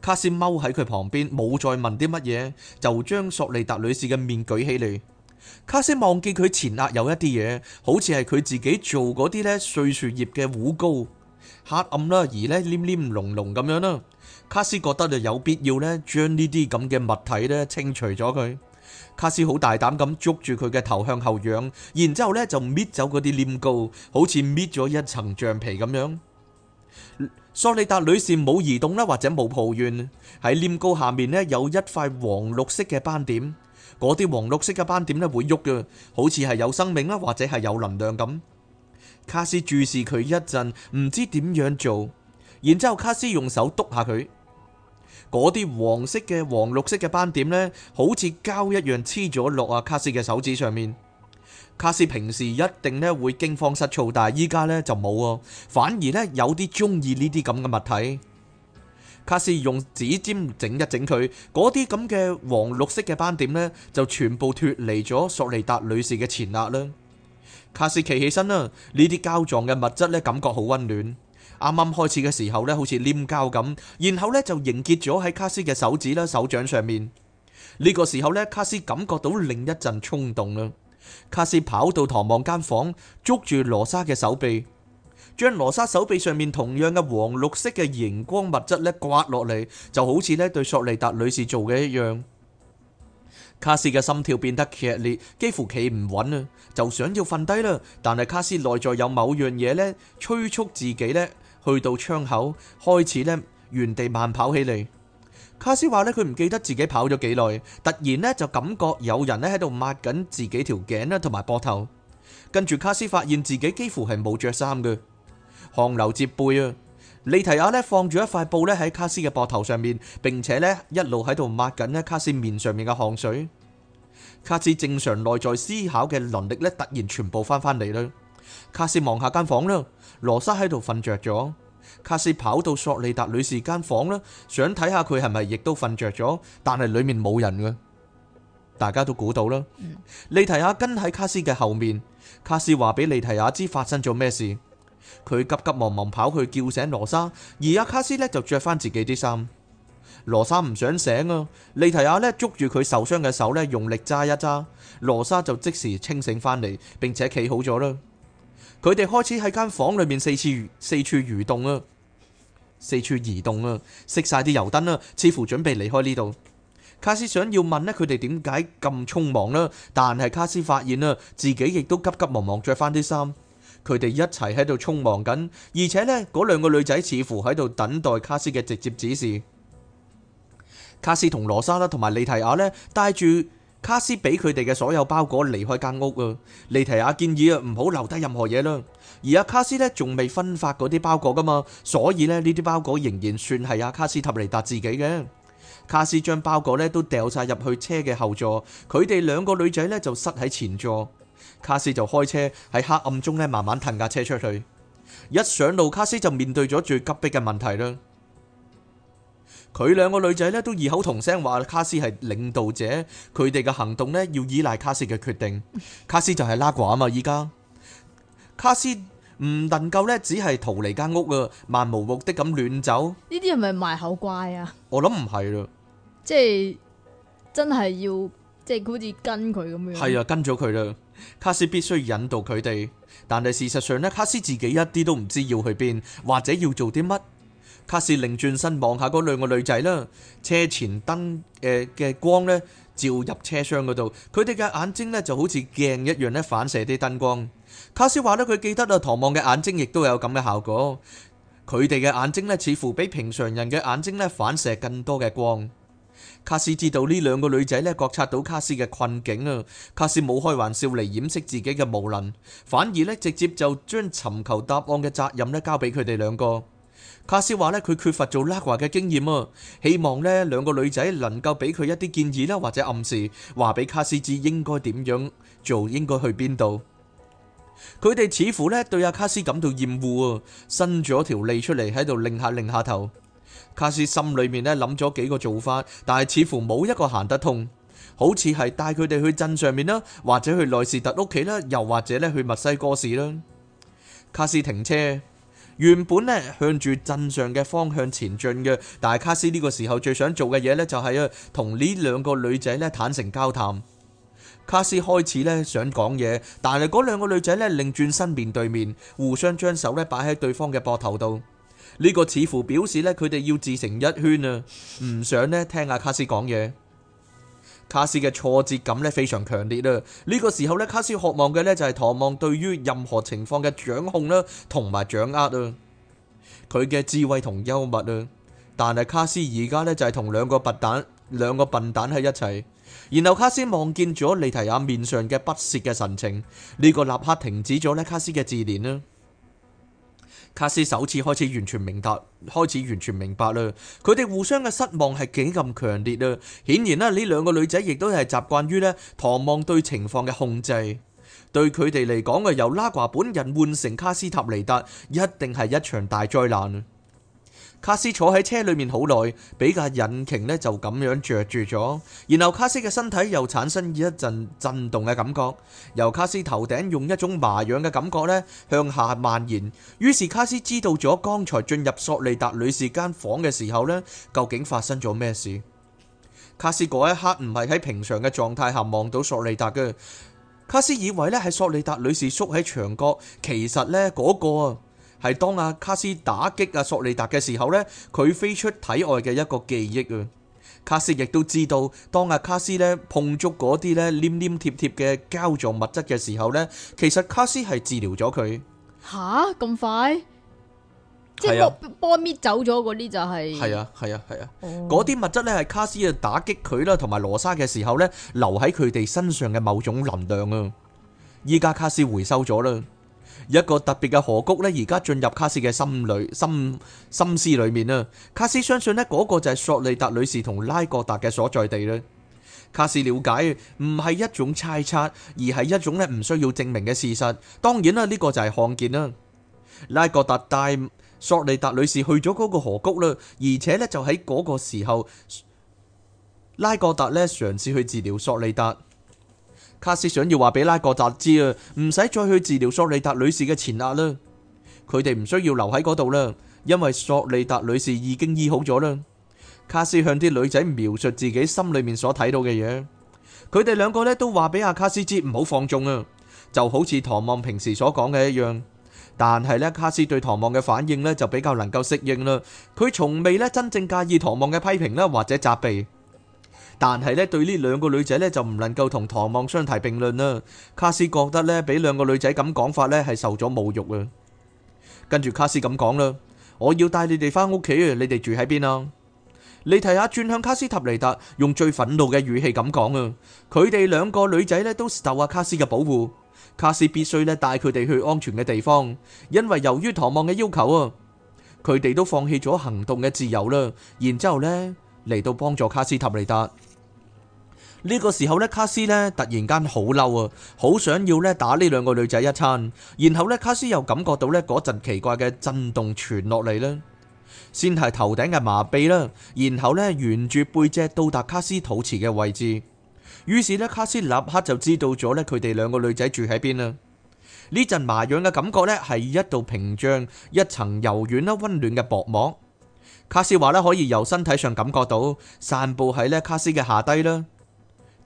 卡斯踎喺佢旁邊，冇再問啲乜嘢，就將索尼達女士嘅面舉起嚟。卡斯望見佢前額有一啲嘢，好似係佢自己做嗰啲呢碎樹葉嘅糊膏，黑暗啦，而呢黏黏隆隆咁樣啦。卡斯覺得就有必要呢將呢啲咁嘅物體呢清除咗佢。卡斯好大膽咁捉住佢嘅頭向後仰，然之後咧就搣走嗰啲黏膏，好似搣咗一層橡皮咁樣。索利達女士冇移動啦，或者冇抱怨。喺黏膏下面呢，有一塊黃綠色嘅斑點。嗰啲黃綠色嘅斑點呢會喐嘅，好似係有生命啦，或者係有能量咁。卡斯注視佢一陣，唔知點樣做，然之後卡斯用手督下佢。嗰啲黃色嘅黃綠色嘅斑點呢，好似膠一樣黐咗落阿卡斯嘅手指上面。卡斯平時一定呢會驚慌失措，但係依家呢就冇，反而呢有啲中意呢啲咁嘅物體。卡斯用指尖整一整佢，嗰啲咁嘅黃綠色嘅斑點呢，就全部脫離咗索尼達女士嘅前額啦。卡斯企起身啦，呢啲膠狀嘅物質呢，感覺好溫暖。啱啱開始嘅時候呢，好似黏膠咁，然後呢，就凝結咗喺卡斯嘅手指啦、手掌上面。呢個時候呢，卡斯感覺到另一陣衝動啦。卡斯跑到唐望間房，捉住羅莎嘅手臂。將羅莎手臂上面同樣嘅黃綠色嘅熒光物質咧刮落嚟，就好似咧對索利達女士做嘅一樣。卡斯嘅心跳變得劇烈，幾乎企唔穩啊，就想要瞓低啦。但係卡斯內在有某樣嘢咧催促自己咧去到窗口，開始咧原地慢跑起嚟。卡斯話咧佢唔記得自己跑咗幾耐，突然咧就感覺有人咧喺度抹緊自己條頸啦同埋膊頭，跟住卡斯發現自己幾乎係冇着衫嘅。汗流浹背啊！利提亞呢放住一塊布咧喺卡斯嘅膊頭上面，並且呢一路喺度抹緊咧卡斯面上面嘅汗水。卡斯正常內在思考嘅能力咧突然全部翻返嚟啦！卡斯望下間房啦，羅莎喺度瞓着咗。卡斯跑到索利達女士間房啦，想睇下佢係咪亦都瞓着咗，但係裏面冇人嘅。大家都估到啦。嗯、利提亞跟喺卡斯嘅後面，卡斯話俾利提亞知發生咗咩事。佢急急忙忙跑去叫醒羅莎，而阿卡斯呢就着翻自己啲衫。羅莎唔想醒啊，利提亞呢捉住佢受傷嘅手呢，用力揸一揸，羅莎就即時清醒翻嚟，並且企好咗啦。佢哋開始喺間房裏面四處四處移動啊，四處移動啊，熄晒啲油燈啊，似乎準備離開呢度。卡斯想要問呢，佢哋點解咁匆忙呢？但係卡斯發現啊，自己亦都急急忙忙着翻啲衫。佢哋一齊喺度匆忙緊，而且呢，嗰兩個女仔似乎喺度等待卡斯嘅直接指示。卡斯同羅莎啦，同埋莉提亞咧，帶住卡斯俾佢哋嘅所有包裹離開間屋啊。莉提亞建議啊，唔好留低任何嘢啦。而阿卡斯咧仲未分發嗰啲包裹噶嘛，所以咧呢啲包裹仍然算係阿卡斯塔尼達自己嘅。卡斯將包裹咧都掉晒入去車嘅後座，佢哋兩個女仔咧就塞喺前座。卡斯就開車喺黑暗中咧，慢慢褪架車出去。一上路，卡斯就面對咗最急迫嘅問題啦。佢兩個女仔咧都異口同聲話：卡斯係領導者，佢哋嘅行動咧要依賴卡斯嘅決定。卡斯就係拉呱啊嘛！依家卡斯唔能夠咧，只係逃離間屋啊，漫無目的咁亂走。呢啲係咪賣口乖啊？我諗唔係啦，即係真係要，即係好似跟佢咁樣。係啊，跟咗佢啦。卡斯必須引導佢哋，但係事實上呢，卡斯自己一啲都唔知要去邊或者要做啲乜。卡斯擰轉身望下嗰兩個女仔啦，車前燈誒嘅光呢，照入車廂嗰度，佢哋嘅眼睛呢就好似鏡一樣呢反射啲燈光。卡斯話呢，佢記得啊，唐望嘅眼睛亦都有咁嘅效果，佢哋嘅眼睛呢似乎比平常人嘅眼睛呢反射更多嘅光。卡斯知道呢兩個女仔呢覺察到卡斯嘅困境啊！卡斯冇開玩笑嚟掩飾自己嘅無能，反而呢直接就將尋求答案嘅責任呢交俾佢哋兩個。卡斯話呢，佢缺乏做拉華嘅經驗啊，希望呢兩個女仔能夠俾佢一啲建議啦，或者暗示，話俾卡斯知應該點樣做，應該去邊度。佢哋似乎呢對阿卡斯感到厭惡啊，伸咗條脷出嚟喺度擰下擰下頭。卡斯心裏面咧諗咗幾個做法，但係似乎冇一個行得通，好似係帶佢哋去鎮上面啦，或者去萊士特屋企啦，又或者咧去墨西哥市啦。卡斯停車，原本咧向住鎮上嘅方向前進嘅，但係卡斯呢個時候最想做嘅嘢呢，就係啊同呢兩個女仔咧坦誠交談。卡斯開始咧想講嘢，但係嗰兩個女仔咧擰轉身面對面，互相將手咧擺喺對方嘅膊頭度。呢個似乎表示呢，佢哋要自成一圈啊，唔想呢，聽阿卡斯講嘢。卡斯嘅挫折感呢，非常強烈啊！呢個時候呢，卡斯渴望嘅呢，就係唐望對於任何情況嘅掌控啦，同埋掌握啊。佢嘅智慧同幽默啊，但係卡斯而家呢，就係同兩個笨蛋，兩個笨蛋喺一齊。然後卡斯望見咗利提亞面上嘅不屑嘅神情，呢個立刻停止咗呢卡斯嘅自憐啊。卡斯首次開始完全明白，開始完全明白啦。佢哋互相嘅失望係幾咁強烈啊！顯然啦，呢兩個女仔亦都係習慣於呢，唐望對情況嘅控制。對佢哋嚟講嘅，由拉瓜本人換成卡斯塔尼達，一定係一場大災難。卡斯坐喺車裏面好耐，俾架引擎呢就咁樣着住咗。然後卡斯嘅身體又產生一陣震動嘅感覺，由卡斯頭頂用一種麻癢嘅感覺呢向下蔓延。於是卡斯知道咗剛才進入索利達女士間房嘅時候呢，究竟發生咗咩事。卡斯嗰一刻唔係喺平常嘅狀態下望到索利達嘅，卡斯以為呢係索利達女士縮喺牆角，其實呢、那、嗰個啊。係當阿卡斯打擊阿索利達嘅時候呢，佢飛出體外嘅一個記憶啊！卡斯亦都知道，當阿卡斯呢碰觸嗰啲呢黏黏貼貼嘅膠狀物質嘅時候呢，其實卡斯係治療咗佢。吓，咁快？即係個波搣走咗嗰啲就係？係啊係啊係啊！嗰啲物質呢係卡斯啊打擊佢啦，同埋羅莎嘅時候呢，留喺佢哋身上嘅某種能量啊！依家卡斯回收咗啦。一個特別嘅河谷咧，而家進入卡斯嘅心裏心心思裏面啦。卡斯相信咧，嗰個就係索利達女士同拉各達嘅所在地啦。卡斯了解，唔係一種猜測，而係一種咧唔需要證明嘅事實。當然啦，呢個就係看見啦。拉各達帶索利達女士去咗嗰個河谷啦，而且咧就喺嗰個時候，拉各達咧嘗試去治療索利達。卡斯想要話俾拉格達知啊，唔使再去治療索利達女士嘅前額啦。佢哋唔需要留喺嗰度啦，因為索利達女士已經醫好咗啦。卡斯向啲女仔描述自己心裏面所睇到嘅嘢，佢哋兩個呢都話俾阿卡斯知唔好放縱啊，就好似唐望平時所講嘅一樣。但係呢，卡斯對唐望嘅反應呢就比較能夠適應啦，佢從未呢真正介意唐望嘅批評呢或者責備。但係咧，對呢兩個女仔咧就唔能夠同唐望相提並論啦。卡斯覺得咧，俾兩個女仔咁講法咧係受咗侮辱啊！跟住卡斯咁講啦，我要帶你哋返屋企啊！你哋住喺邊啊？你睇下轉向卡斯塔尼達，用最憤怒嘅語氣咁講啊！佢哋兩個女仔咧都受阿卡斯嘅保護，卡斯必須咧帶佢哋去安全嘅地方，因為由於唐望嘅要求啊，佢哋都放棄咗行動嘅自由啦。然之後咧嚟，到幫助卡斯塔尼達。呢個時候咧，卡斯咧突然間好嬲啊，好想要咧打呢兩個女仔一餐。然後咧，卡斯又感覺到咧嗰陣奇怪嘅震動傳落嚟啦，先係頭頂嘅麻痹啦，然後咧沿住背脊到達卡斯肚臍嘅位置。於是咧，卡斯立刻就知道咗咧佢哋兩個女仔住喺邊啦。呢陣麻癢嘅感覺咧係一道屏障，一層柔軟啦温暖嘅薄膜。卡斯話咧可以由身體上感覺到散布喺咧卡斯嘅下低啦。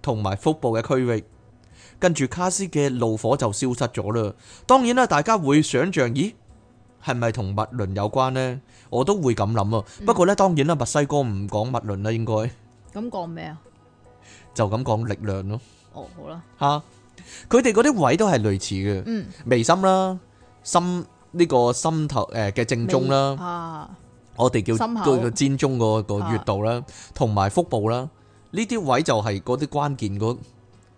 同埋腹部嘅區域，跟住卡斯嘅怒火就消失咗啦。當然啦，大家會想象，咦，係咪同物輪有關呢？我都會咁諗啊。不過咧，當然啦，墨西哥唔講物輪啦，應該咁講咩啊？就咁講力量咯。哦，好啦，吓，佢哋嗰啲位都係類似嘅，嗯，眉心啦，心呢個心頭誒嘅正中啦，啊，我哋叫對個尖中個個穴道啦，同埋腹部啦。呢啲位就係嗰啲關鍵，嗰、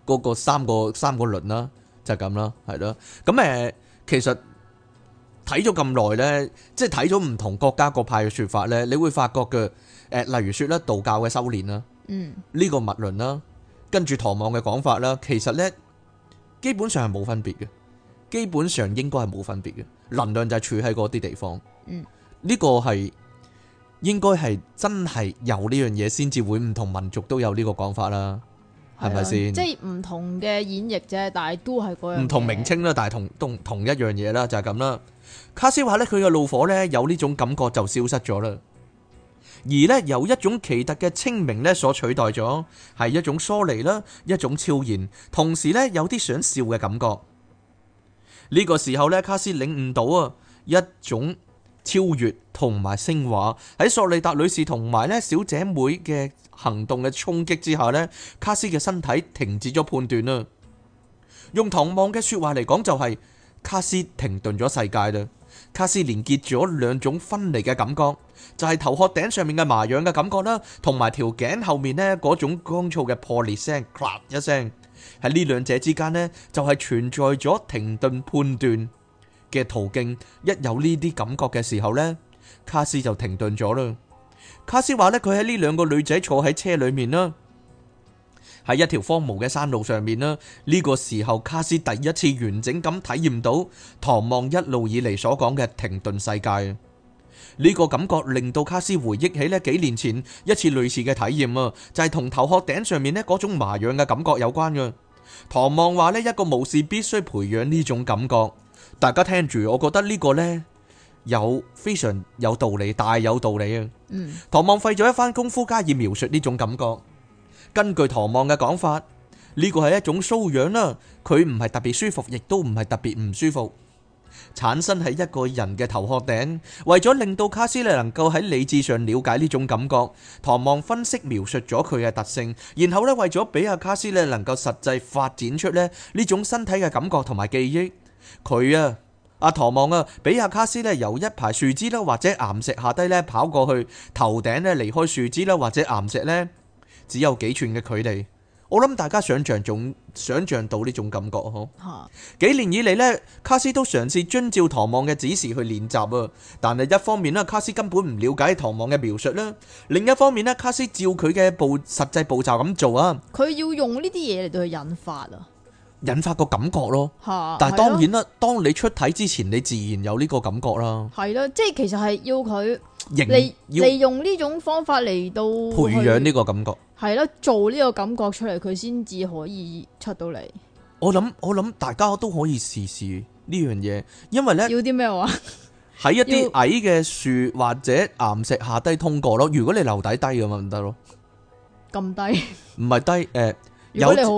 嗰個三個三個輪啦，就係咁啦，係啦。咁誒，其實睇咗咁耐咧，即係睇咗唔同國家、各派嘅説法咧，你會發覺嘅誒，例如説啦，道教嘅修煉啦，嗯，呢個物論啦，跟住唐望嘅講法啦，其實咧基本上係冇分別嘅，基本上應該係冇分別嘅，能量就係處喺嗰啲地方，嗯、呢個，呢個係。應該係真係有呢樣嘢，先至會唔同民族都有呢個講法啦，係咪先？吧即係唔同嘅演繹啫，但係都係嗰樣。唔同名稱啦，但係同同同一樣嘢啦，就係咁啦。卡斯話呢，佢嘅怒火呢，有呢種感覺就消失咗啦，而呢，由一種奇特嘅清明呢所取代咗，係一種疏離啦，一種超然，同時呢，有啲想笑嘅感覺。呢、這個時候呢，卡斯領悟到啊，一種超越同埋升華，喺索利達女士同埋呢小姐妹嘅行動嘅衝擊之下呢，卡斯嘅身體停止咗判斷啦。用唐望嘅説話嚟講就係卡斯停頓咗世界啦。卡斯連結咗兩種分離嘅感覺，就係頭殼頂上面嘅麻癢嘅感覺啦，同埋條頸後面呢嗰種乾燥嘅破裂聲，咔一聲，喺呢兩者之間呢就係存在咗停頓判斷。嘅途徑，一有呢啲感覺嘅時候呢卡斯就停頓咗啦。卡斯話呢佢喺呢兩個女仔坐喺車裏面啦，喺一條荒蕪嘅山路上面呢呢個時候，卡斯第一次完整咁體驗到唐望一路以嚟所講嘅停頓世界。呢、這個感覺令到卡斯回憶起呢幾年前一次類似嘅體驗啊，就係、是、同頭殼頂上面呢嗰種麻癢嘅感覺有關嘅。唐望話呢一個巫士必須培養呢種感覺。大家聽住，我覺得呢個呢有非常有道理，大有道理啊！唐望費咗一番功夫加以描述呢種感覺。根據唐望嘅講法，呢個係一種搔癢啦，佢唔係特別舒服，亦都唔係特別唔舒服。產生喺一個人嘅頭殼頂，為咗令到卡斯呢能夠喺理智上了解呢種感覺，唐望分析描述咗佢嘅特性，然後呢為咗俾阿卡斯呢能夠實際發展出呢呢種身體嘅感覺同埋記憶。佢啊，阿唐望啊，俾阿、啊、卡斯呢由一排樹枝啦或者岩石下低呢跑過去，頭頂呢離開樹枝啦或者岩石呢，只有幾寸嘅距離。我諗大家想象中想象到呢種感覺嗬。啊、幾年以嚟呢，卡斯都嘗試遵照唐望嘅指示去練習啊，但係一方面呢，卡斯根本唔了解唐望嘅描述啦；另一方面呢，卡斯照佢嘅步實際步驟咁做啊。佢要用呢啲嘢嚟到去引發啊。引發個感覺咯，啊、但係當然啦，了當你出體之前，你自然有呢個感覺啦。係咯，即係其實係要佢，你要利用呢種方法嚟到培養呢個感覺。係咯，做呢個感覺出嚟，佢先至可以出到嚟。我諗我諗大家都可以試試呢樣嘢，因為呢，要啲咩話喺一啲矮嘅樹或者岩石下低通過咯。如果你留底低咁咪唔得咯，咁低唔係低誒。呃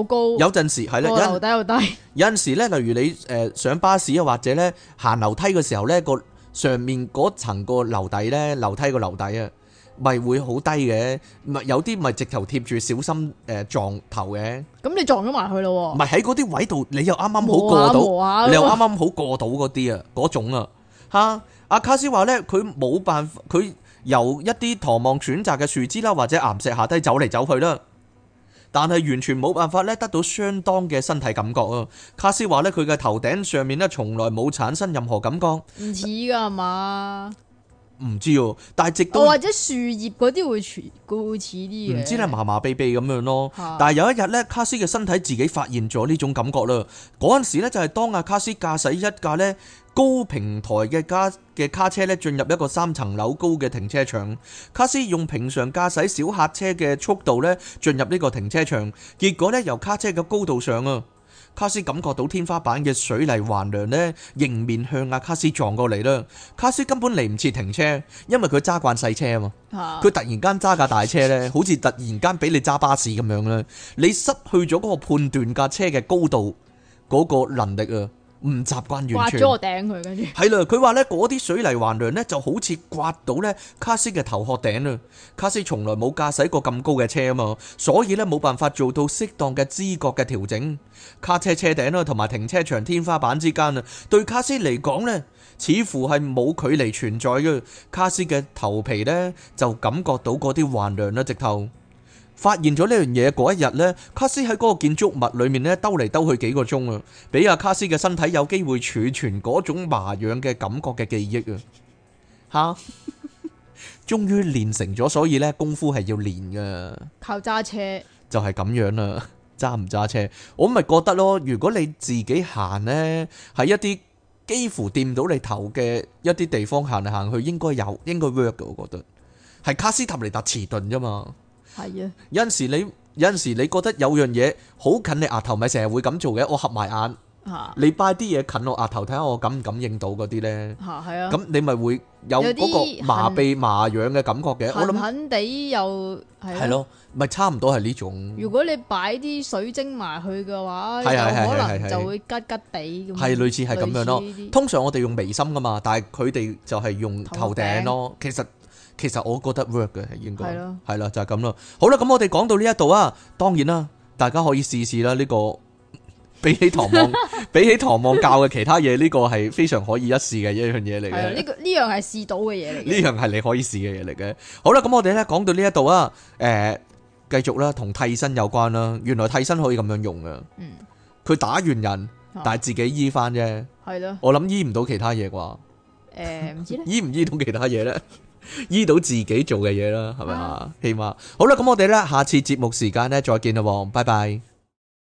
高有有陣時係啦，個樓底又低。有陣時咧，例如你誒上巴士或者咧行樓梯嘅時候咧，個上面嗰層個樓底咧，樓梯個樓底啊，咪會好低嘅。咪有啲咪直頭貼住，小心誒撞頭嘅。咁你撞咗埋去咯喎？唔係喺嗰啲位度，你又啱啱好過到，你又啱啱好過到嗰啲啊，嗰種啊嚇。阿卡斯話咧，佢冇辦法，佢由一啲藤蔓選擇嘅樹枝啦，或者岩石下低走嚟走去啦。但係完全冇辦法咧，得到相當嘅身體感覺啊！卡斯話咧，佢嘅頭頂上面咧，從來冇產生任何感覺。唔似噶嘛？唔知，但係直到、哦、或者樹葉嗰啲會傳，會似啲唔知咧，麻麻地地咁樣咯。但係有一日咧，卡斯嘅身體自己發現咗呢種感覺啦。嗰陣時咧，就係當阿卡斯駕駛一架咧。高平台嘅卡嘅卡車咧進入一個三層樓高嘅停車場，卡斯用平常駕駛小客車嘅速度咧進入呢個停車場，結果呢由卡車嘅高度上啊，卡斯感覺到天花板嘅水泥橫梁呢迎面向阿卡斯撞過嚟啦，卡斯根本嚟唔切停車，因為佢揸慣細車啊嘛，佢突然間揸架大車呢，好似突然間俾你揸巴士咁樣啦，你失去咗嗰個判斷架車嘅高度嗰個能力啊。唔習慣完全刮咗我頂佢，跟住係啦，佢話咧嗰啲水泥橫梁咧就好似刮到咧卡斯嘅頭殼頂啦。卡斯從來冇駕駛過咁高嘅車啊嘛，所以咧冇辦法做到適當嘅知覺嘅調整。卡車車頂啦，同埋停車場天花板之間啊，對卡斯嚟講咧，似乎係冇距離存在嘅。卡斯嘅頭皮咧就感覺到嗰啲橫梁啦，直頭。發現咗呢樣嘢嗰一日咧，卡斯喺嗰個建築物裏面咧兜嚟兜去幾個鐘啊，俾阿卡斯嘅身體有機會儲存嗰種麻癢嘅感覺嘅記憶啊。吓，終於練成咗，所以咧功夫係要練噶，靠揸車就係咁樣啦。揸唔揸車，我咪覺得咯。如果你自己行咧，喺一啲幾乎掂到你頭嘅一啲地方行嚟行去，應該有應該 work 㗎。我覺得係卡斯塔尼達遲鈍啫嘛。係啊，有陣時你有陣時你覺得有樣嘢好近你額頭咪成日會咁做嘅，我合埋眼，你擺啲嘢近我額頭睇下我感唔感應到嗰啲咧，係啊的，咁你咪會有嗰個麻痹麻癢嘅感覺嘅，恨恨我諗想，痕痕哋又係咯，咪差唔多係呢種。如果你擺啲水晶埋去嘅話，有的可能就會拮拮哋咁，係類似係咁樣咯。通常我哋用眉心㗎嘛，但係佢哋就係用頭頂咯，頂其實。其實我覺得 work 嘅係應該係咯，係啦的，就係咁咯。好啦，咁我哋講到呢一度啊，當然啦，大家可以試試啦。呢個比起唐望 比起唐望教嘅其他嘢，呢、這個係非常可以一試嘅一樣嘢嚟嘅。呢個呢樣係試到嘅嘢嚟，呢樣係你可以試嘅嘢嚟嘅。好啦，咁我哋咧講到呢一度啊，誒、呃，繼續啦，同替身有關啦。原來替身可以咁樣用㗎，嗯，佢打完人，啊、但係自己醫翻啫，係咯的。我諗醫唔到其他嘢啩？誒、嗯，唔知咧， 醫唔醫到其他嘢咧？醫到自己做嘅嘢啦，係咪啊？起碼。好啦，咁我哋咧，下次節目時間咧再見啦，拜拜。